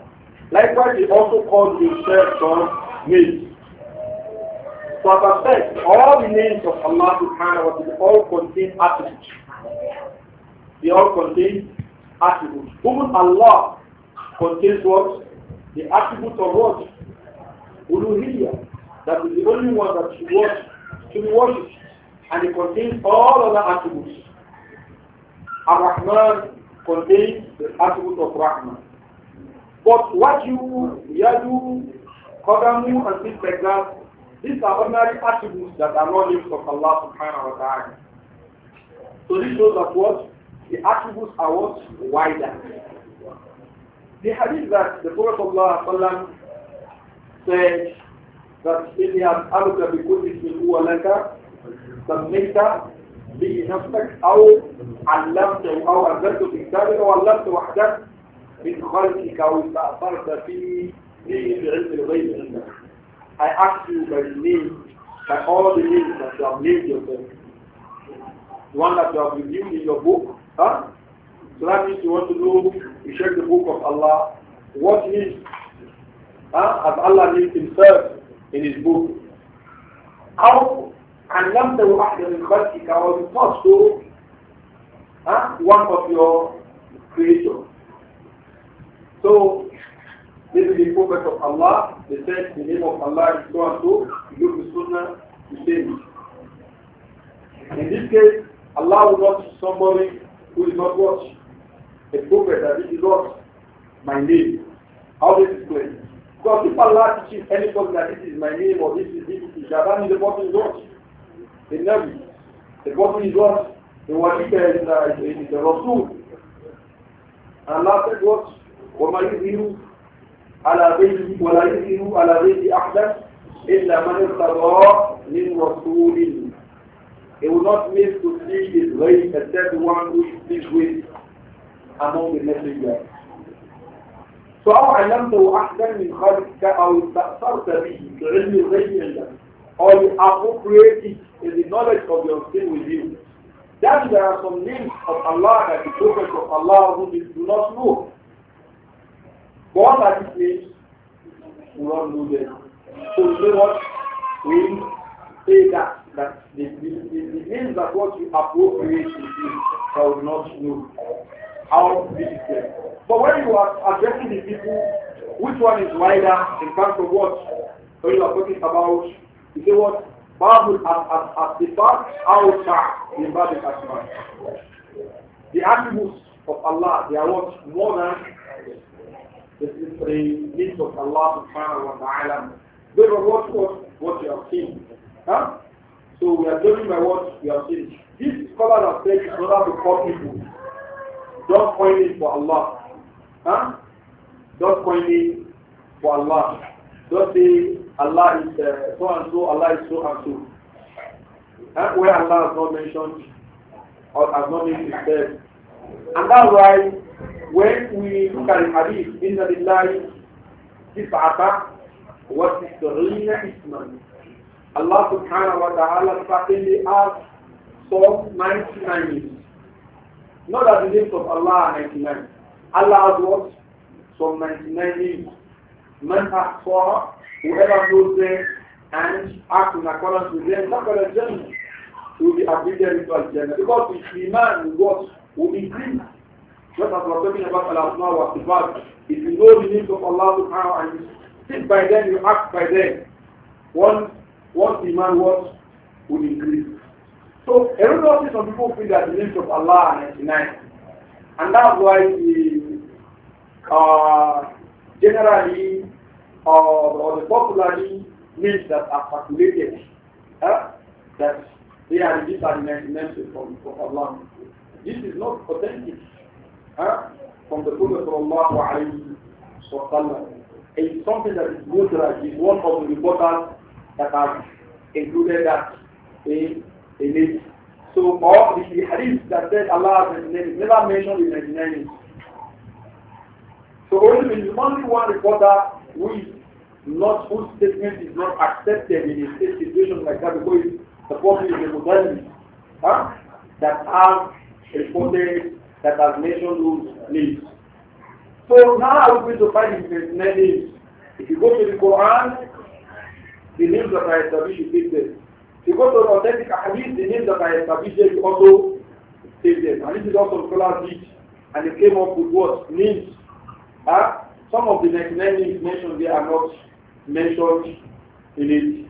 Likewise, he also calls himself on names. So as I said, all the names of Allah subhanahu wa ta'ala all contain attributes. They all contain attributes. Even Allah contains what? The attributes of what? Uluhiyya. That is the only one that should worship, to be worshipped. And it contains all other attributes. Ar-Rahman contains the attribute of Rahman. But what you, Yadu, Qadamu, and things like that, these are ordinary attributes that are not names of Allah subhanahu wa ta'ala. So this shows that what? The attributes are what? Wider. The hadith that the Prophet of Allah said that إِنِّي أَسْأَلُكَ بِكُلِّ اسْمٍ هُوَ لَكَ سَمَّيْتَ به نفسك أو علمته أو أنزلته في كتابك أو علمته وحدك من خلقك أو استأثرت فيه به في علم الغيب عندك. I ask you by the name, by all the names that you have named yourself. The one that you have reviewed in your book, Huh? So that means you want to do, you check the book of Allah. What is, huh? as Allah needs himself in his book. How and لم تر أحدا من خلقك or not to huh? one of your creation. So this is the prophet of Allah. They said the name of Allah is so and so. You look the sunnah, you say In this case, Allah will not somebody who is not watch? A prophet that this is not my name. How this explain? Because if Allah teaches any person that this is my name or this is this is Shaban, the bottom is what? The Nabi. The bottom is what? The one who says that is the Rasul. And Allah said what? وَمَا يُذِهِرُ على غيره ولا يذهب على غير أحدا إلا من ارتضى من رسول He will not miss to see his race except the one who he speaks with among the messengers. So أو علمته أحسن من خلقك أو استأثرت به في علم الغيب عندك or you appropriate in the knowledge of your sin with you. Then there are some names of Allah that the prophets of Allah who do not know. God that is names will not know them. So you know what? We say that that the, the, the, the means that what you appropriate to do shall not know how it is. But when you are addressing the people, which one is wider in terms of what so you are talking about? You say what? Babul at the back, outside in Babul Asma. The attributes of Allah, they are what? More than the, the means of Allah subhanahu wa ta'ala. They are what, what, what you have seen. Huh? So we are doing by what we are saying. This scholar of faith is not to call people. Don't point it for Allah. Huh? Don't point it for Allah. Don't say Allah is uh, so and so, Allah is so and so. Huh? Where Allah has not mentioned or has not made himself. And that's why when we look at the hadith, in the this إِنَّ لِلَّهِ the real إِسْمًا Allah subhanahu wa ta'ala certainly has some 99 names. Not that the names of Allah are 99. Allah has what? Some 99 names. Man ahsaha, whoever knows them and acts in accordance with them, not going to will be admitted into Al-Jannah. Because his iman will what? Will increase. Just as we're talking about Al-Asma wa Sifat. If you know the names of Allah subhanahu wa ta'ala and you sit by them, you act by them. One what demand was would increase. So everybody some people feel that the names of Allah are 99. And that's why the, uh, generally uh, or the popularly means that are calculated uh, that they are these are the 99 from, from Allah. This is not authentic uh, from the Prophet of Allah wa It's something that is good, that is one of the important that have included that in, in it. So all the, hadith that said Allah has 99 is never mentioned in 99. So only the only one reporter who is not whose statement is not accepted in a situation like that because the person is the Muslim huh? that have reported that has mentioned those names. So now I will be to find his names. If you go to the Quran, the names that are established, you take them. If you go authentic hadith, the names that are established there, also take them. And this is also scholars did. And they came up with what? Names. Huh? Ah, some of the 99 names mentioned there are not mentioned in it.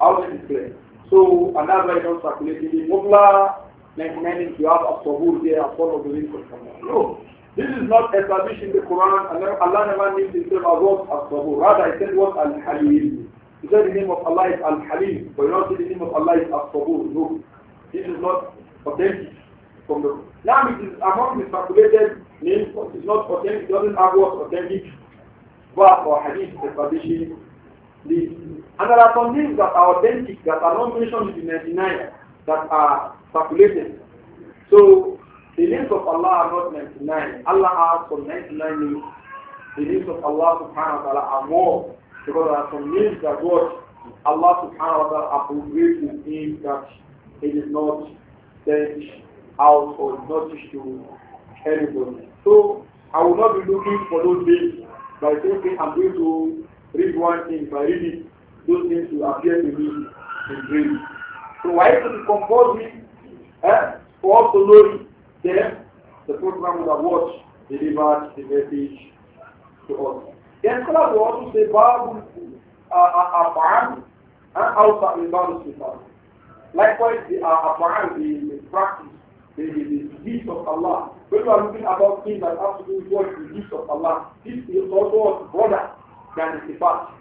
How to explain? So, another that's why it's not circulated. In Mubla 99 names, you have As-Sabur there as one of the names of No. This is not established in the Quran. Allah never names himself as what? As-Sabur. Rather, I said what? Al-Halil. He said the name of Allah is Al-Halim, but you don't say the name of Allah is Al-Sabur. No, this is not authentic from the Now it is among the miscalculated names, but it's not authentic, it doesn't have what authentic verse or hadith establishing this. And there are some names that are authentic, that are not mentioned in the 99, that are circulated. So the names of Allah are not 99. Allah has some 99 names. The names of Allah subhanahu wa ta'ala are more because there are some names that God, Allah subhanahu wa ta'ala appropriates with him that he did not send out or not to anybody. So I will not be looking for those names by thinking I'm going to read one thing, by reading those things will appear to me in dreams. So why is it compulsory eh, for us to know them? The program that have watched delivered the message to us. Then scholars will also say Babu Afan and also Imam Sifan. Likewise, the Afan, the, the practice, the, the, the deeds of Allah. When you are looking about things that have to do with the deeds of Allah, this is also broader than the Sifat.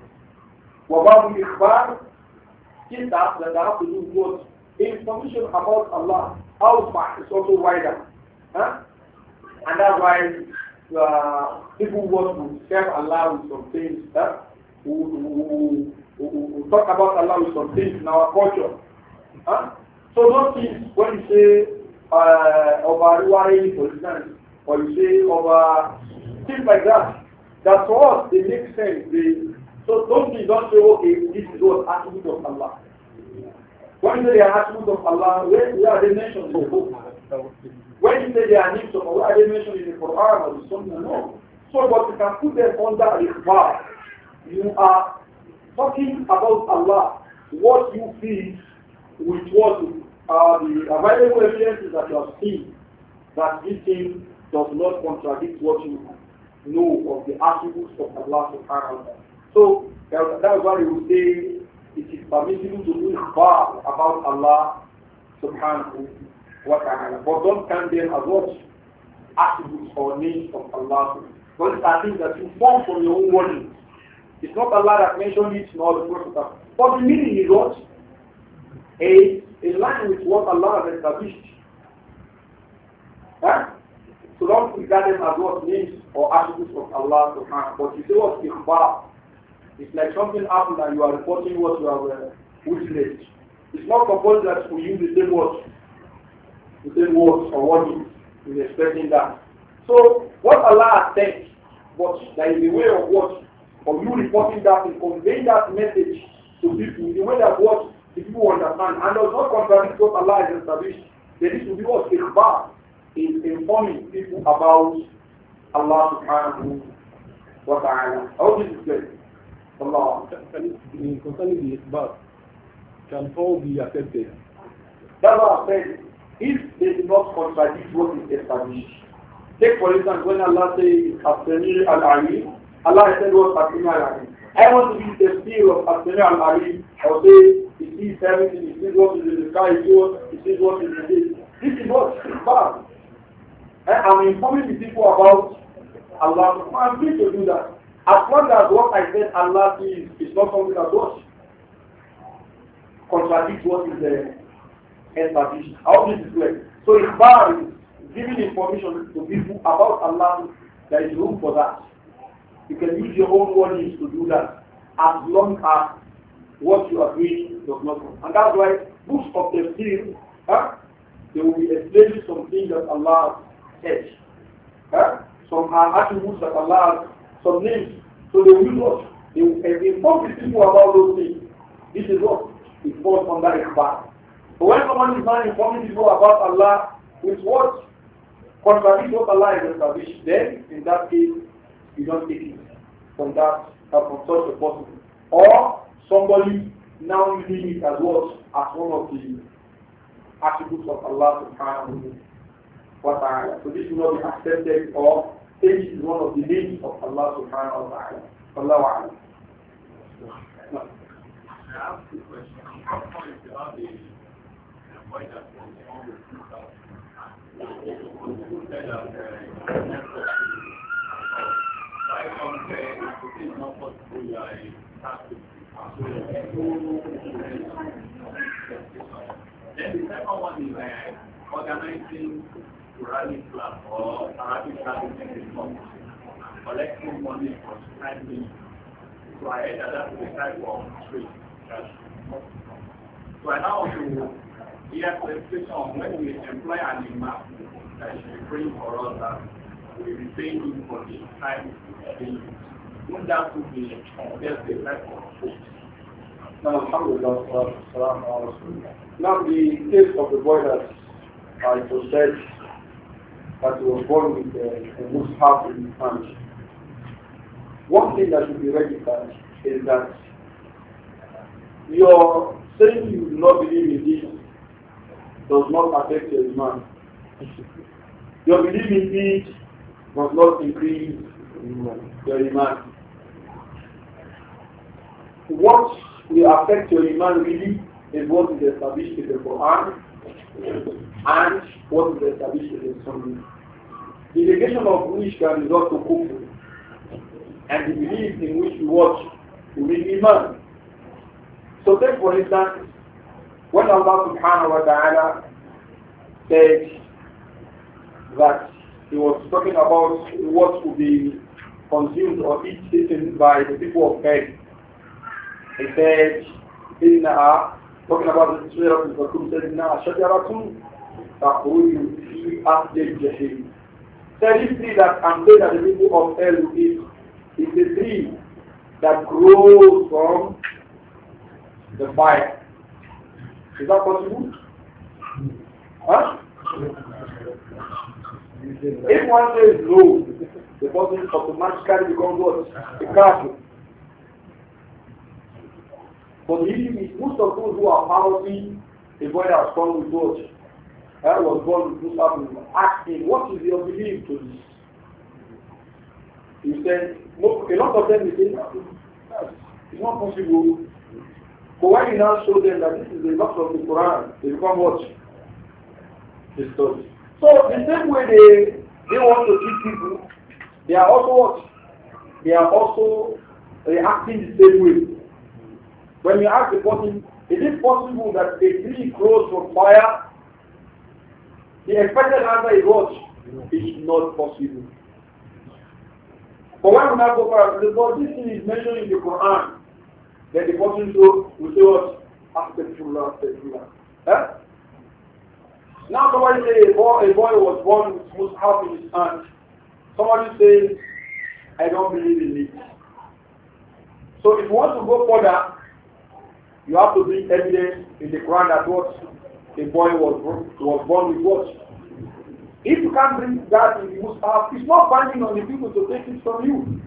وباب الإخبار things that, that have to do with Information about Allah. How far is also wider. Huh? And that's why uh, people want to serve Allah with some things, who, who, who, who, talk about Allah with some things in our culture. Huh? So those things, when you say uh, over Ruwari, for instance, or you say over things like that, that for us, they make sense. They, so don't don't say, okay, this is what attribute of Allah. When they are attribute of Allah, where, where are they mentioned in the book? When you say they are names of Allah, are they mentioned in the Quran or the Sunnah? No. So, but you can put them under Ikhbar. You are talking about Allah, what you feel with what are the available evidences that you have seen, that this thing does not contradict what you know of the attributes of Allah subhanahu wa ta'ala. So, that's why we would say it is permissible to do ikhbar about Allah subhanahu wa ta'ala. وتعالى. But don't count them as what? Attributes or names of Allah. Because these are things that you form from your own wording. It's not Allah that mentioned it, nor the Prophet. But the meaning is what? A, in line with what Allah has established. Huh? So don't regard them as what names or attributes of Allah subhanahu But you say what ikhbar. It's like something happened and you are reporting what you have uh, witnessed. It's not compulsory that we use the same word the same words or what he is expecting that. So what Allah said, but there is the way of what of you reporting that and conveying that message to people the way that what the people understand and does not contradict what Allah has established. Then this will be what Ikhbar is informing people about Allah subhanahu wa ta'ala. How this is good. Allah. Concerning the but can all be accepted? That's what I said if they do not contradict what is established. Take for instance when Allah says Asami al Ali, Allah said what Asami al Ali. I want to be the seal of Asami al Ali. I will say he sees everything, he sees what is in the sky, he sees what, he sees what is in the this. This is what is bad. And I'm informing the people about Allah. I'm free to do that. As long as what I said Allah sees is not something that does contradict what is there establish. How this is clear. So Bar is giving information to people about Allah. There is room for that. You can use your own words to do that as long as what you are doing does not come. And that's why books of the field, huh, they will be explaining some things that Allah said. Huh? Some attributes that Allah some names. So they will not. They will inform people about those things. This is what is falls under Bar. But when someone is not informing people about Allah with what contradicts what Allah has established, then in that case, you don't take it from that uh, from such a person. Or somebody now using it as what? As one of the attributes of Allah subhanahu wa ta'ala. So this will not be accepted or this is one of the names of Allah subhanahu wa ta'ala. Allah wa Then the second one is uh, organizing rally club or rally club in the collecting money for spending. So I heard that that's the type of trade so I now want to hear clarification on when we employ an imam that should bring for us that we retain him for the time being. Wouldn't that be just the type of food. Now, the case of the boy that I possessed that was born with uh, a, a mushaf in his hand. One thing that should be recognized is that your saying you do not believe in this does not affect your iman. Your belief in it does not increase your iman. What will affect your iman really is what is established in the Quran and what is established in the Sunnah. The negation of which can result to kufr and the belief in which you watch to be iman. So take for instance, when Allah subhanahu wa ta'ala said that he was talking about what will be consumed or eaten by the people of Earth, he said, إنها talking about the Surah شجرة تخرج في أهل الجحيم. Said that I'm saying that the people of hell is is a tree that grows from the fire. Is that possible? Huh? If one says no, the person automatically becomes what? A castle. But the most of those who are powerful, a boy has come with God. I was born with Ask asking, what is your belief to this? He said, a lot of them say, it's not possible. But when you now show them that this is the box of the Quran, they become what? story. So the same way they they want to teach people, they are also what? They are also reacting the same way. When we ask the person, is it possible that a tree grows from fire? The expected answer is what? It's not possible. But when we now go far, because this thing is mentioned in the Quran, then the person will say what? Astaghfirullah, astaghfirullah. Eh? Now somebody say a boy, a boy was born with Mus'haf in his hand. Somebody says, I don't believe in it. So if you want to go further, you have to bring evidence in the Quran that what a boy was, was born with what? If you can't bring that in the Mus'haf, it's not binding on the people to take it from you.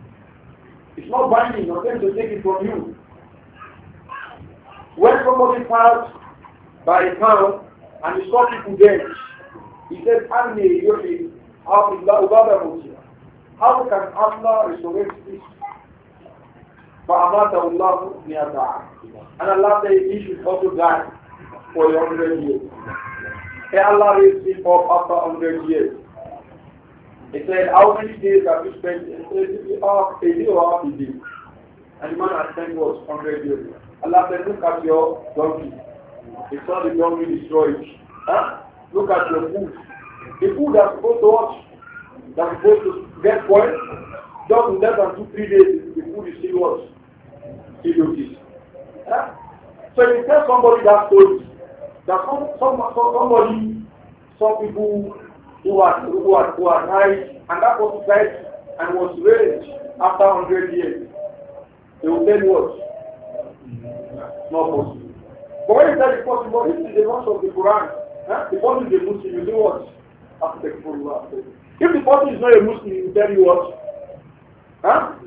It's not binding on them to take it from you. When somebody passed by a town and he saw people dead, he said, How can Allah restore this فَأَمَاتَهُ اللَّهُ مِئَةَ عَامٍ And Allah says he should also die for 100 years. And Allah raised him up after 100 years. He said, how many days have you spent? He said, half a day or half a day. And the man had spent was 100 years. Allah said, look at your donkey. He saw the donkey destroyed. Huh? Look at your food. The food that's supposed to watch, that's supposed to get spoiled, just in less than two, three days, the food is still watched you idiocy. Yeah? So you tell somebody that story, that some, some, somebody, some people who are who are who are died, and that was died and was raised after 100 years, they will tell what? Mm-hmm. Not possible. But when you tell the possible, this is the verse of the Quran. Huh? The person is a Muslim, you do what? after Astagfirullah. If the person is not a Muslim, you tell you what? Huh?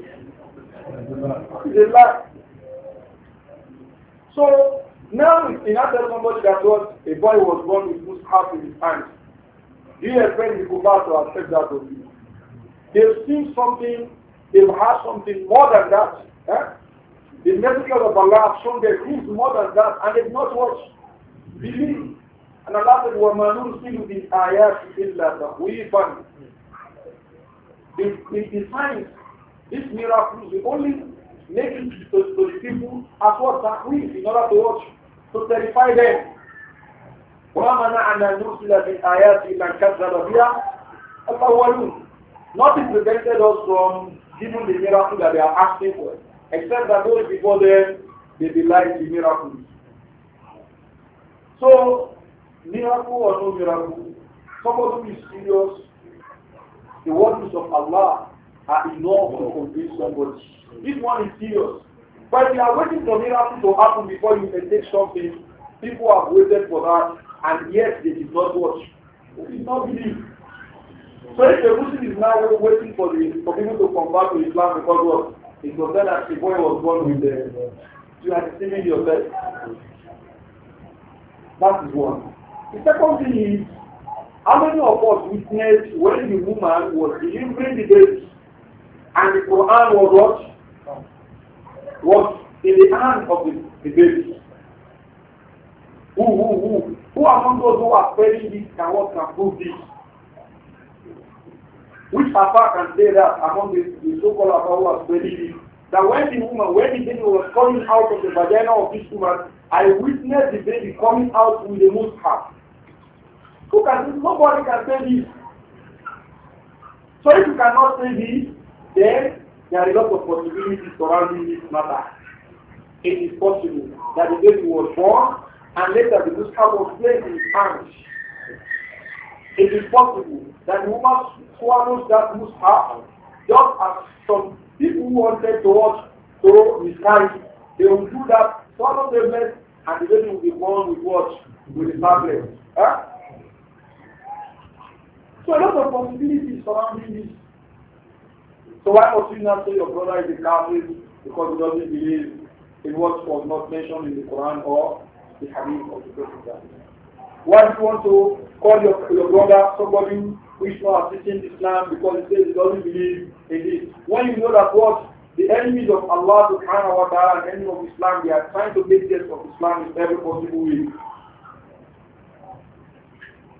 It's a lie. So now in after somebody that was a boy was born with half in his hand, do you expect the Kufa to accept that of you? They've seen something, they've had something more than that. Eh? The messengers of Allah have shown their things more than that, and they've not watched. Believe. And Allah said, وَمَا نُرْسِلُ بِالْآيَاتِ إِلَّا تَخْوِيفًا The, we the signs, this miracle, the only make it to, to the people as what that we in order to watch, to terrify them. وَمَنَعْنَا نُرْسِلَ بِالْآيَاتِ مَنْ كَذَّبَ بِهَا الْأَوَّلُونَ Nothing prevented us from giving the miracle that they are asking for, except that those before them, they delight the miracle. So, miracle or no miracle, somebody who is serious, the words of Allah are enough to convince somebody. This one is serious. But if you are waiting for miracles to happen before you can take something, people have waited for that and yet they did not watch. They did not believe. So if the Muslim is now waiting for the for people to come back to Islam because what? It was then that the boy was born with the you are deceiving yourself. That is one. The second thing is how many of us witnessed when the woman was delivering the baby And the Quran was what? Was in the hands of the, the Who, who, who? Who among those who are spreading this can what can prove this? Which Papa can say that among the, the so-called Papa who are spreading this? That when the woman, when the baby was coming out of the vagina of this woman, I witnessed the baby coming out with a mucus. Who can, nobody can say this. So if you cannot say this, then there are a lot of possibilities surrounding this matter. It is possible that the baby was born and later the Muslim was placed in his hands. It is possible that the woman swallows that Muslim just as some people who wanted to watch the miscarry. They will do that, swallow the mess, and the baby will be born with what? With the tablet. Huh? So a lot of possibilities surrounding this. So why must you not say your brother is a Catholic because he doesn't believe in what was not mentioned in the Quran or the Hadith of the Prophet? Why do you want to call your, your brother somebody who is not assisting Islam because he says he doesn't believe in this? When you know that what the enemies of Allah subhanahu wa ta'ala and enemies of Islam, they are trying to make death of Islam in every possible way.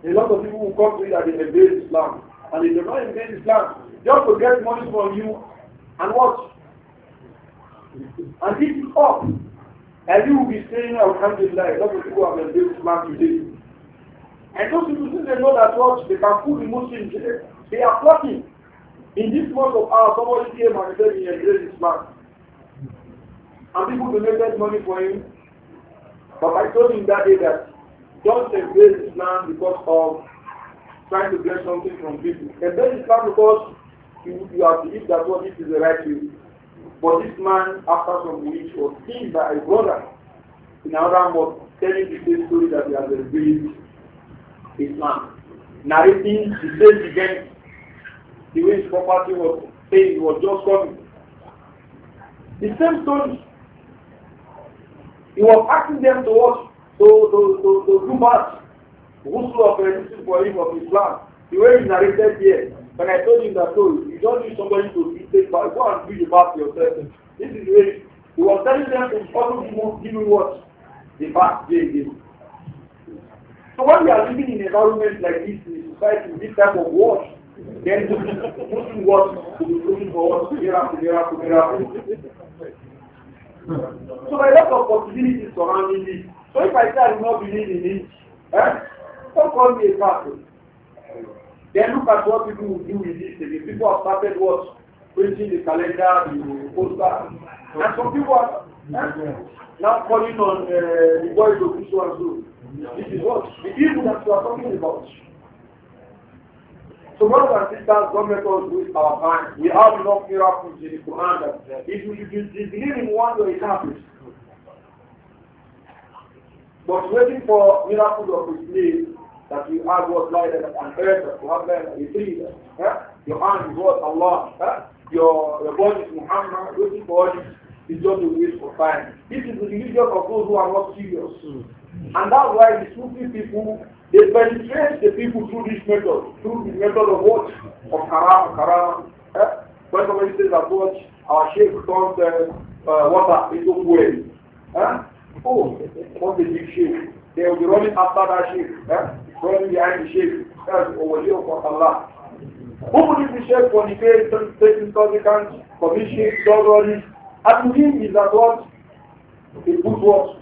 A lot of people who come to it that they embrace Islam and they do not embrace Islam just to get money from you and what? And this is up. And you will be saying, Alhamdulillah, a lot of people have embraced Man, today. And those people since they know that what they can fool the Muslims, they are plotting. In this month of ours, somebody came and said he this man, And people donated money for him. But I told him that day that don't this Islam because of trying to get something from people. this man because you, you have believed that what oh, this is the right way. But this man, after some weeks, was seen by a brother in another mosque telling the same story that he has revealed Islam, narrating the same event, the way his property was saying was just coming. The same story. He was asking them to watch, to, to, to, to do much. Who's of a for him of Islam? The way he narrated here. When I told him that, story. Oh, You don't need somebody to be saved but go and do the bath yourself. This is really he was telling them to follow him giving what the bath they gave. So when we are living in environment like this in society, this type of war, then pushing what to be looking for what miracle, miracle, miracle. So there are a of possibilities surrounding this. So if I say I do not believe in it, eh, don't call me a pastor. Then look at what people do with this. The people have started what? Printing the calendar, the poster. And some people are eh? now calling on uh, the boys of this one too. This is what? The evil that you are talking about. So brothers and sisters, don't make us waste our mind. We have enough miracles in the Quran that if you, if you believe in one, you it happens. But waiting for miracles of his name that you are what light and earth, you have man, you see that. Your hand is what Allah. Huh? Your, your body is Muhammad, your body is just a waste of time. This is the religion of those who are not serious. Mm. And that's why the Sufi people, they penetrate the people through this method, through the method of what? Of haram, haram. Eh? When somebody says that what, our sheikh turns uh, uh, water into oil. Eh? Oh, what the big sheikh. They will be running after that sheikh. going behind the sheikh that's overlay of Allah. Who believe the sheikh when he pays taking publicans, commission, surgery, and him is that what? He put what?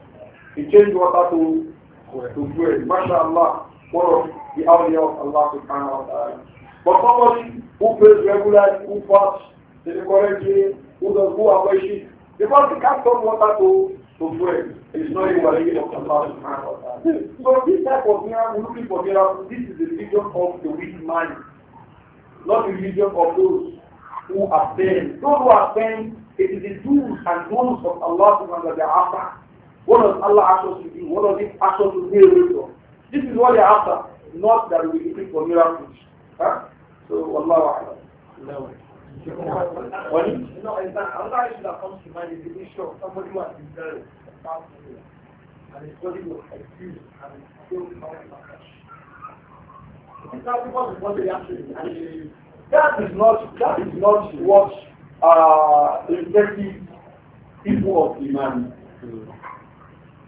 He changed water to to fuel. MashaAllah, one of the awliya of Allah subhanahu wa ta'ala. But somebody who prays regularly, who fasts, the correct who does, who avoids it, because he can't turn water to kufur is not a religion of Allah subhanahu wa ta'ala. So this type of man looking for miracles, this is the religion of the weak man, not the religion of those who abstain. Those who abstain, it is the do's and don'ts of Allah subhanahu wa ta'ala after. What does Allah ask us to do? What does He ask us to do? This is what they after, not that we looking for miracles. Huh? So, Allah wa'ala. No that comes to mind is the issue of somebody who has been buried and his body was and still because what they actually and that is not that is not what uh respective people of demand. Mm.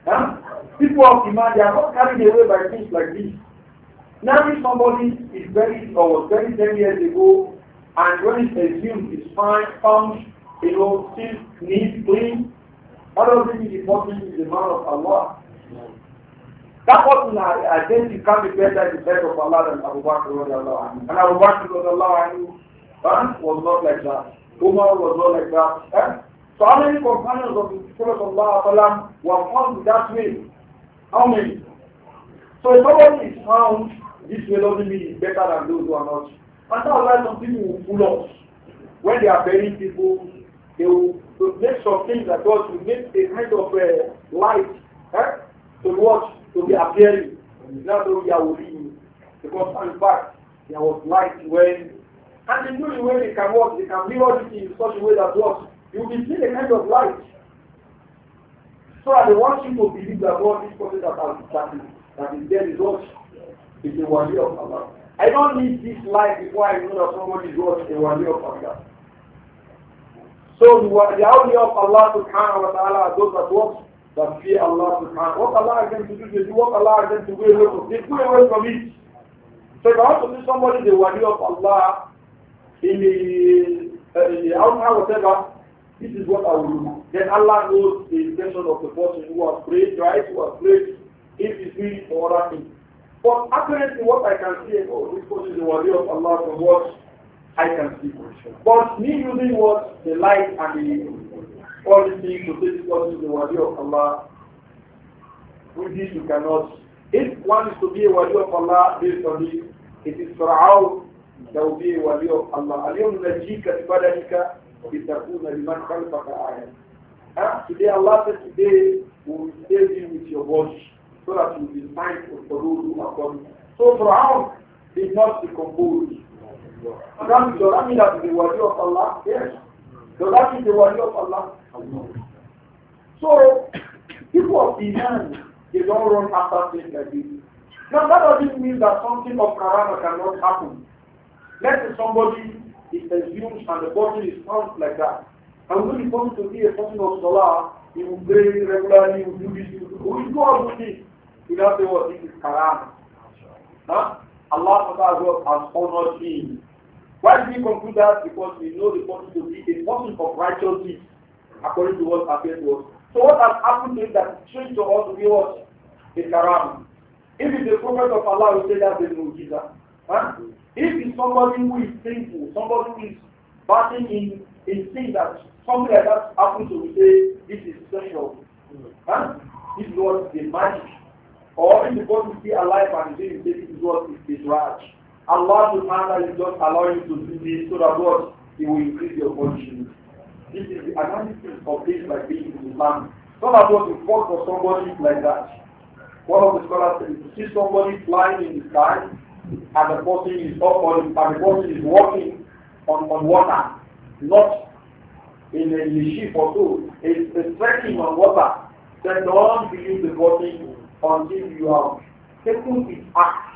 Huh? People of demand, they are not carried away by things like this. Now if somebody is buried or was buried ten years ago and when it assumes it's fine, found, it will still need clean. What does it is important is the man of Allah? That person I, I think you can be better in the sight of Allah than Abu Bakr And Abu Bakr huh? was not like that. Umar was not like that. Huh? So how many companions of the Prophet Allah were found that way? How many? So if somebody is found this way doesn't mean better than those who are not. And that's why some people will pull us. When they are burying people, they will, make some things that God will make a kind of uh, light eh? to watch, to be appearing. And Not only Yahweh, because in fact, there was light when, and they know the way they can work. they can view everything in such a way that what you will see the kind of light. So I want you to believe that God is something that, that is, that is there is is the wali of Allah. I don't need this life before I know that somebody is what a wali of Allah. So the, the of Allah subhanahu wa ta'ala are those that work, That fear Allah subhanahu What Allah is going to do, they do what Allah is going to go away from. They go away from it. So if I want to see somebody the wali of Allah in the, uh, in the whatever, this is what I will do. Then Allah knows the intention of the person who has prayed, right, who has prayed, if it's doing for other things. But apparently what I can see, oh, this is the wali of Allah from what I can see. But me using what the light and the all these things to say this is the wali of Allah, with this you cannot. If one is to be a wali of Allah based on this, it is Fir'aun there will be a wali of Allah. اليوم نجيك ببدنك لتكون لمن خلفك آية. Today Allah says today we will save you with your body so that you will be mindful for those who are coming. So Fir'aun did not decompose. And that, does that mean that the wali of Allah? Yes. Does that mean the wali of Allah? So, people of Iman, they don't run after things like this. Now that doesn't mean that something of karana cannot happen. Let's say somebody is assumed and the body is found like that. And when it comes to be a person of Salah, he will pray regularly, he will do this, he will do this. You now say what this is karam. Huh? Allah has honored him. Why do we conclude that? Because we know the person to be a person of righteousness according to what appears to us. So what has happened to him that changed to us to be what? A If it's the prophet of Allah, we say that that is Jesus. Huh? If it's somebody who is sinful, somebody who is battling in, in sin that something like that happens to, we say this is special. Huh? This is what the magic or if you want to alive and say you take it is what is Israj. Allah subhanahu is just allow you to do this so that what? He will increase your punishment. This is the analysis of things like this in Islam. Not that what you fought for somebody like that. One of the scholars said, if you see somebody flying in the sky and the person is up on, and the person is walking on, on water, not in a, in a ship or so, it's, it's trekking on water, then don't believe the person until you have taken its act,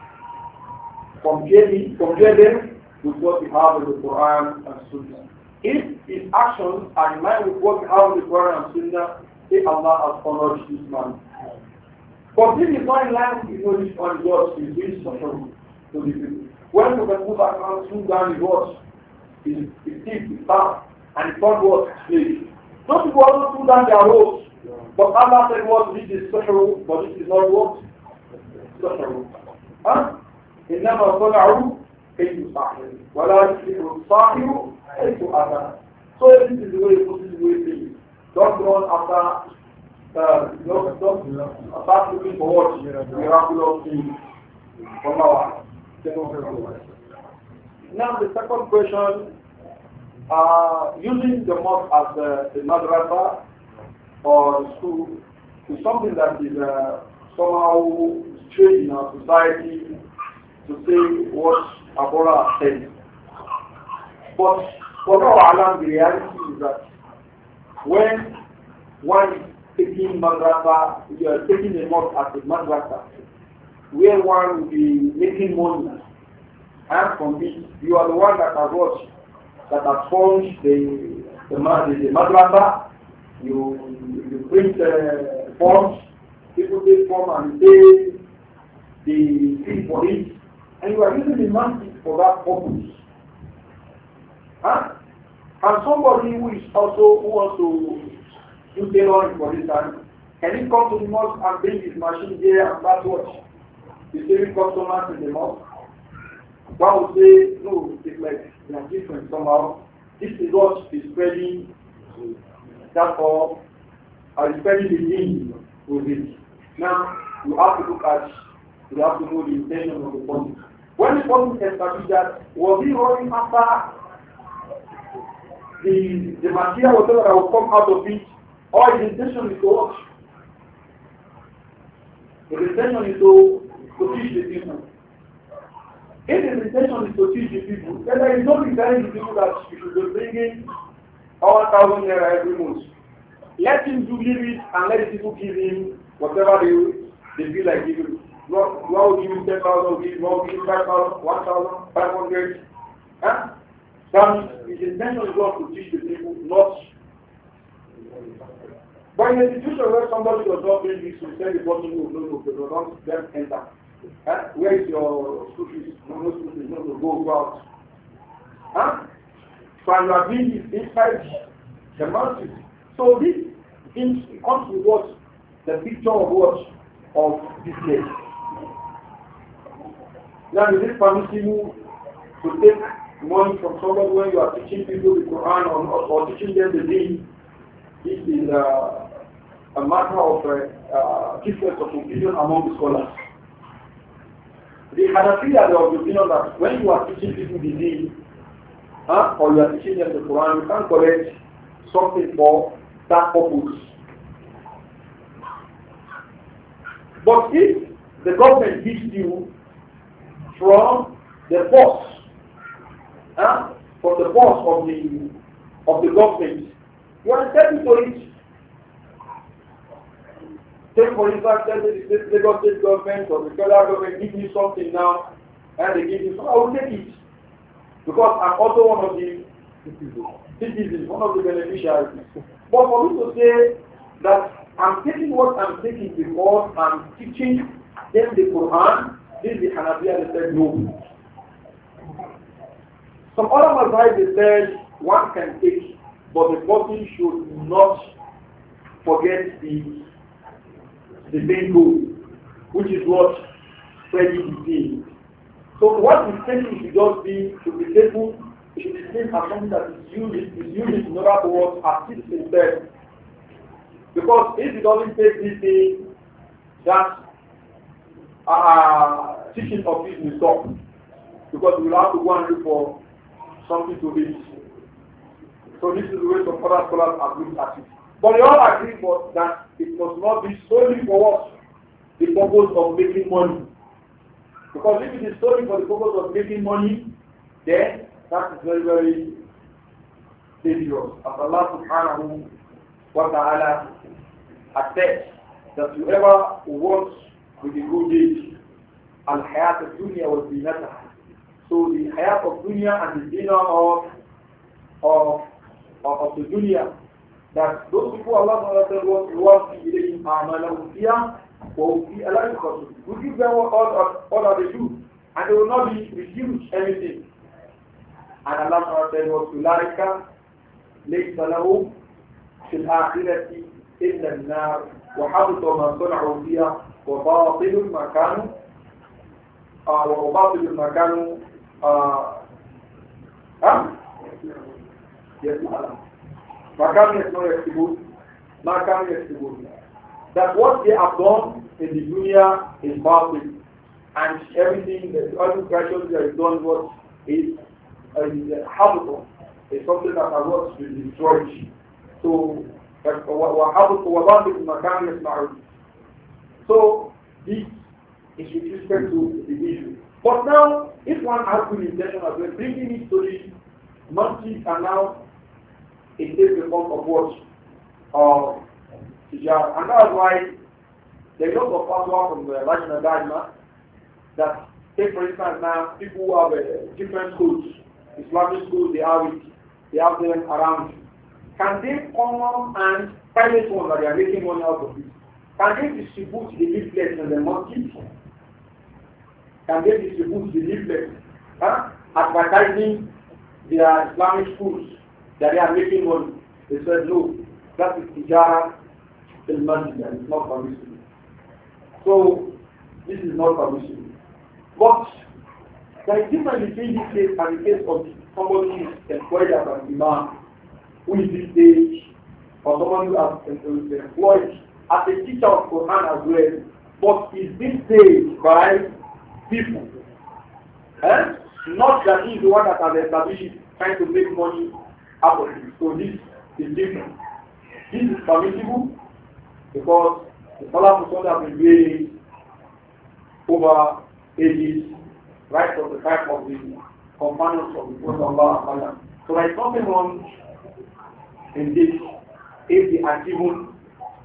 comparing, compare them with what we have in the Quran and Sunnah. If his actions are in line with what we have in the Quran and Sunnah, say Allah has honored this man. But this is not in line with knowledge on God, is doing suffering to the people. When can move comes through down the words, his thief, his staff, and his son was slave. Those people also threw down their robes but Allah said what this is sihr, but this is not what? Sihr. Huh? إنما صنعوا كيد ساحر ولا يفلح الساحر حيث أتى. So this is the way is the way Don't run after uh, don't, don't start looking for what miraculous things from our Now the second question, uh, using the mosque as the, the madrasa or to to something that is uh, somehow strange in our society to say what Abora said. But what our alarm, the reality is that when one is taking madrasa, you are taking a month as a madrasa, where one will be making money. And from this, you are the one that has watched, that has formed the, the, the, the madrasa, you, you print uh, forms, people take form and pay the fee for it, and you are using the for that purpose. Huh? And somebody who is also who wants to do tailoring for this time, can he come to the mosque and bring his machine here and start watch? Receiving customers in the mosque? God would say, no, it's like they are different somehow. This is what is spreading Therefore, I respect the need for this. Now, we have to look at, we have to know the intention of the fund. When the person established that, was he running after the, the material, whatever that will come out of it, or his intention is to watch? His intention is to, to teach the people. If the intention is to teach the people, then there is no reason to people that you should be bringing or 1,000 naira every month. Let him to give it and let people give him whatever they, they feel like giving. One will give him 10,000, give one give him 5,000, 1,500. Huh? But his intention is not to teach the people, not. But in a situation where somebody does not bring this, you tell the person who knows They don't let enter. Huh? Where is your school fees? No, no school fees, no, no, go, go out. Huh? while this inside the mountain. So this in, comes with what? The picture of what? Of this place. Now is it permissible to take money from somebody when you are teaching people the Quran or, or teaching them the deen? This is uh, a matter of uh, uh difference of opinion among the scholars. The Hanafiya, there was opinion that when you are teaching people the deen, huh? or you are teaching them the Quran, you can't collect something for that purpose. But if the government gives you from the force, huh? from the force of the of the government, you are entitled to it. Take for instance, the Lagos state government or the federal government give you something now, and they give you, I will take it. Because I'm also one of the citizens, one of the beneficiaries. But for me to say that I'm taking what I'm taking because I'm teaching them the Quran, this the Hanabiya they said no. Some other Mazhab they said one can take, but the person should not forget the the main goal, which is what spreading the thing. So what we think should just be, to be taken, in be seen as something that is used, is used in order to what assist himself. Because if he doesn't take this day, that uh, teaching of his will stop. Because we will have to go and look for something to read. So this is the way some other scholars have looked at it. But we all agree but that it must not be solely for what the purpose of making money. Because if it is stolen for the purpose of making money, then that is very, very dangerous. As Allah subhanahu wa ta'ala has that whoever works with a good deed, al hayat of dunya be better. So the hayat of dunya and the dinner of, of, of, the dunya, that those people Allah Subhanahu SWT wants to be in Ilayhim a'malahu fiyah, will be allowed to consume. We give them all, all, all of the Jews, and they will not be refused anything. And Allah said, وَسُلَارِكَ لَيْسَ لَهُمْ فِي الْآخِرَةِ إِلَّا النَّارِ وَحَبْطَ مَا صَنْعُوا فِيهَا وَبَاطِلُ مَا كَانُوا آه، وَبَاطِلُ مَا كَانُوا ها؟ آه، آه، يسمع ما كانوا يسمعون يكتبون ما كانوا يكتبون that what they have done in the dunya is perfect and everything that all the they have done what is uh, is uh, habitable. It's something that has what will destroy. So وحبط وباطل المكان يسمعون. So this is with respect to the issue. But now, if one has good intention as well, bringing it to the masjid and now it takes the form of what? Of hijab. And that's why the lot of fatwa from the uh, Rajna Dharma that, take for instance now, people who have uh, different schools, Islamic schools, they have it, they have them around. Can they come and private one that they are making money out of it? Can they distribute the leaflets in the market? Can they distribute the leaflets? Huh? Advertising their Islamic schools that they are making money. They said, no, that is tijara it's not permissible. So this is not permissible. But there is difference between this case and the case of somebody who is employed as an imam who is this age or someone who has employed as a teacher of Quran as well, but is being saved by people. Eh? Not that he is the one that has established trying to make money out of it. So this is different. This is permissible, because the Salafu Sunnah has been really over ages, right from the time of the companions of the Prophet Allah. So there is nothing wrong in this if they are given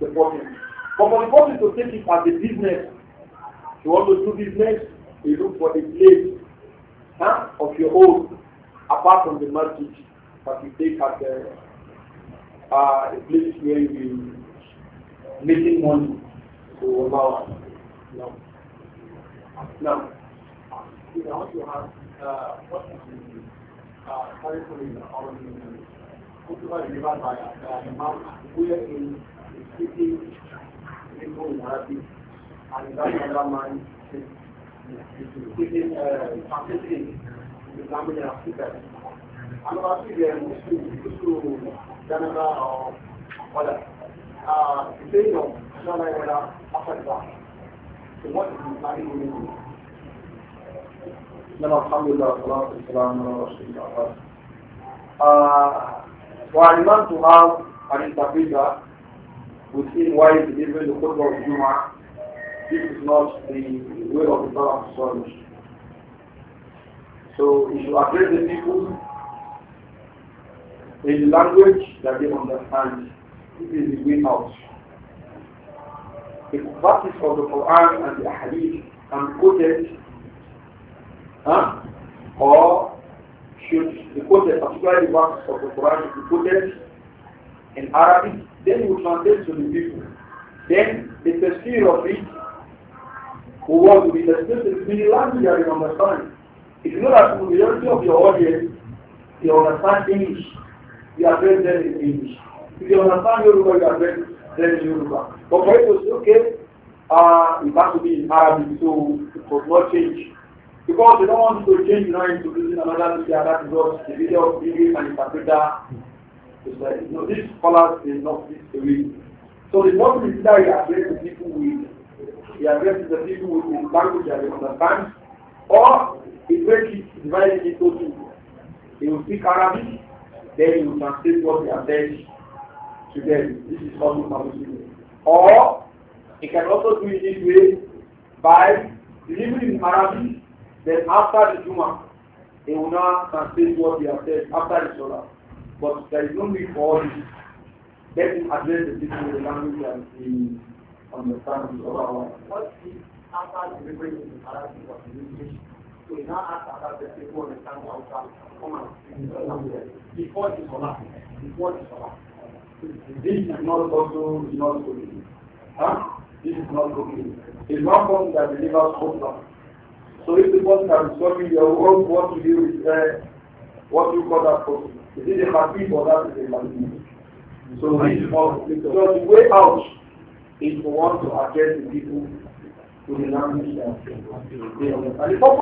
the person. But for the person to take it as a business, you want to do business, you look for a place huh, of your own apart from the message that you take at the uh, place where you making money. So about no. No. You have uh, what is the uh, currently on Kutuba by uh, Imam in speaking people in and that other man is speaking uh, practicing Islamic and Africa. And about the Muslim to Canada or other uh, saying of Shana Yara after that. So what is the Islamic religion? الحمد لله والصلاة والسلام على رسول الله وعلمان to have an interpreter within why delivering the of this is not the way of the Prophet So you should address the people in language that they understand this is the way out. The verses of the Quran and the Hadith can be quoted huh? or should be quoted, particularly the verses of the Quran should be quoted in Arabic, then we translate to the people. Then the tafsir of it who want to be translated in the language that understand. If you know that the majority of your audience, they understand English, you address them in English. If you understand Yoruba, you are ready, then Yoruba. But for it to say, okay, uh, it has to be in Arabic, so it was not change. Because they don't want to change now into using another media, that is what the video of English and interpreter is like. You know, these scholars, they not this way. So it's not really that we address the people with, He addressed the people with the language that they understand, or he breaks it, divides it into two. They will speak Arabic, then you will translate what he are saying to them. This is called permissible. Or he can also do it this way by delivering in Arabic, then after the Juma, he will now translate what they have said after the Salah. But there is no need for all this. Let him address the people in the language that the understands. What is after delivering in Arabic or in English? now asks about the people understand the Before the Salah. Before the Salah. This is not also not cooking. Huh? This is not cooking. It's not something that believers' hope. So if the person that is solving your work, what you do is uh, what you call that person. Is it a happy or that is a happy? So, so the way out is to want to address the people to the language that they understand.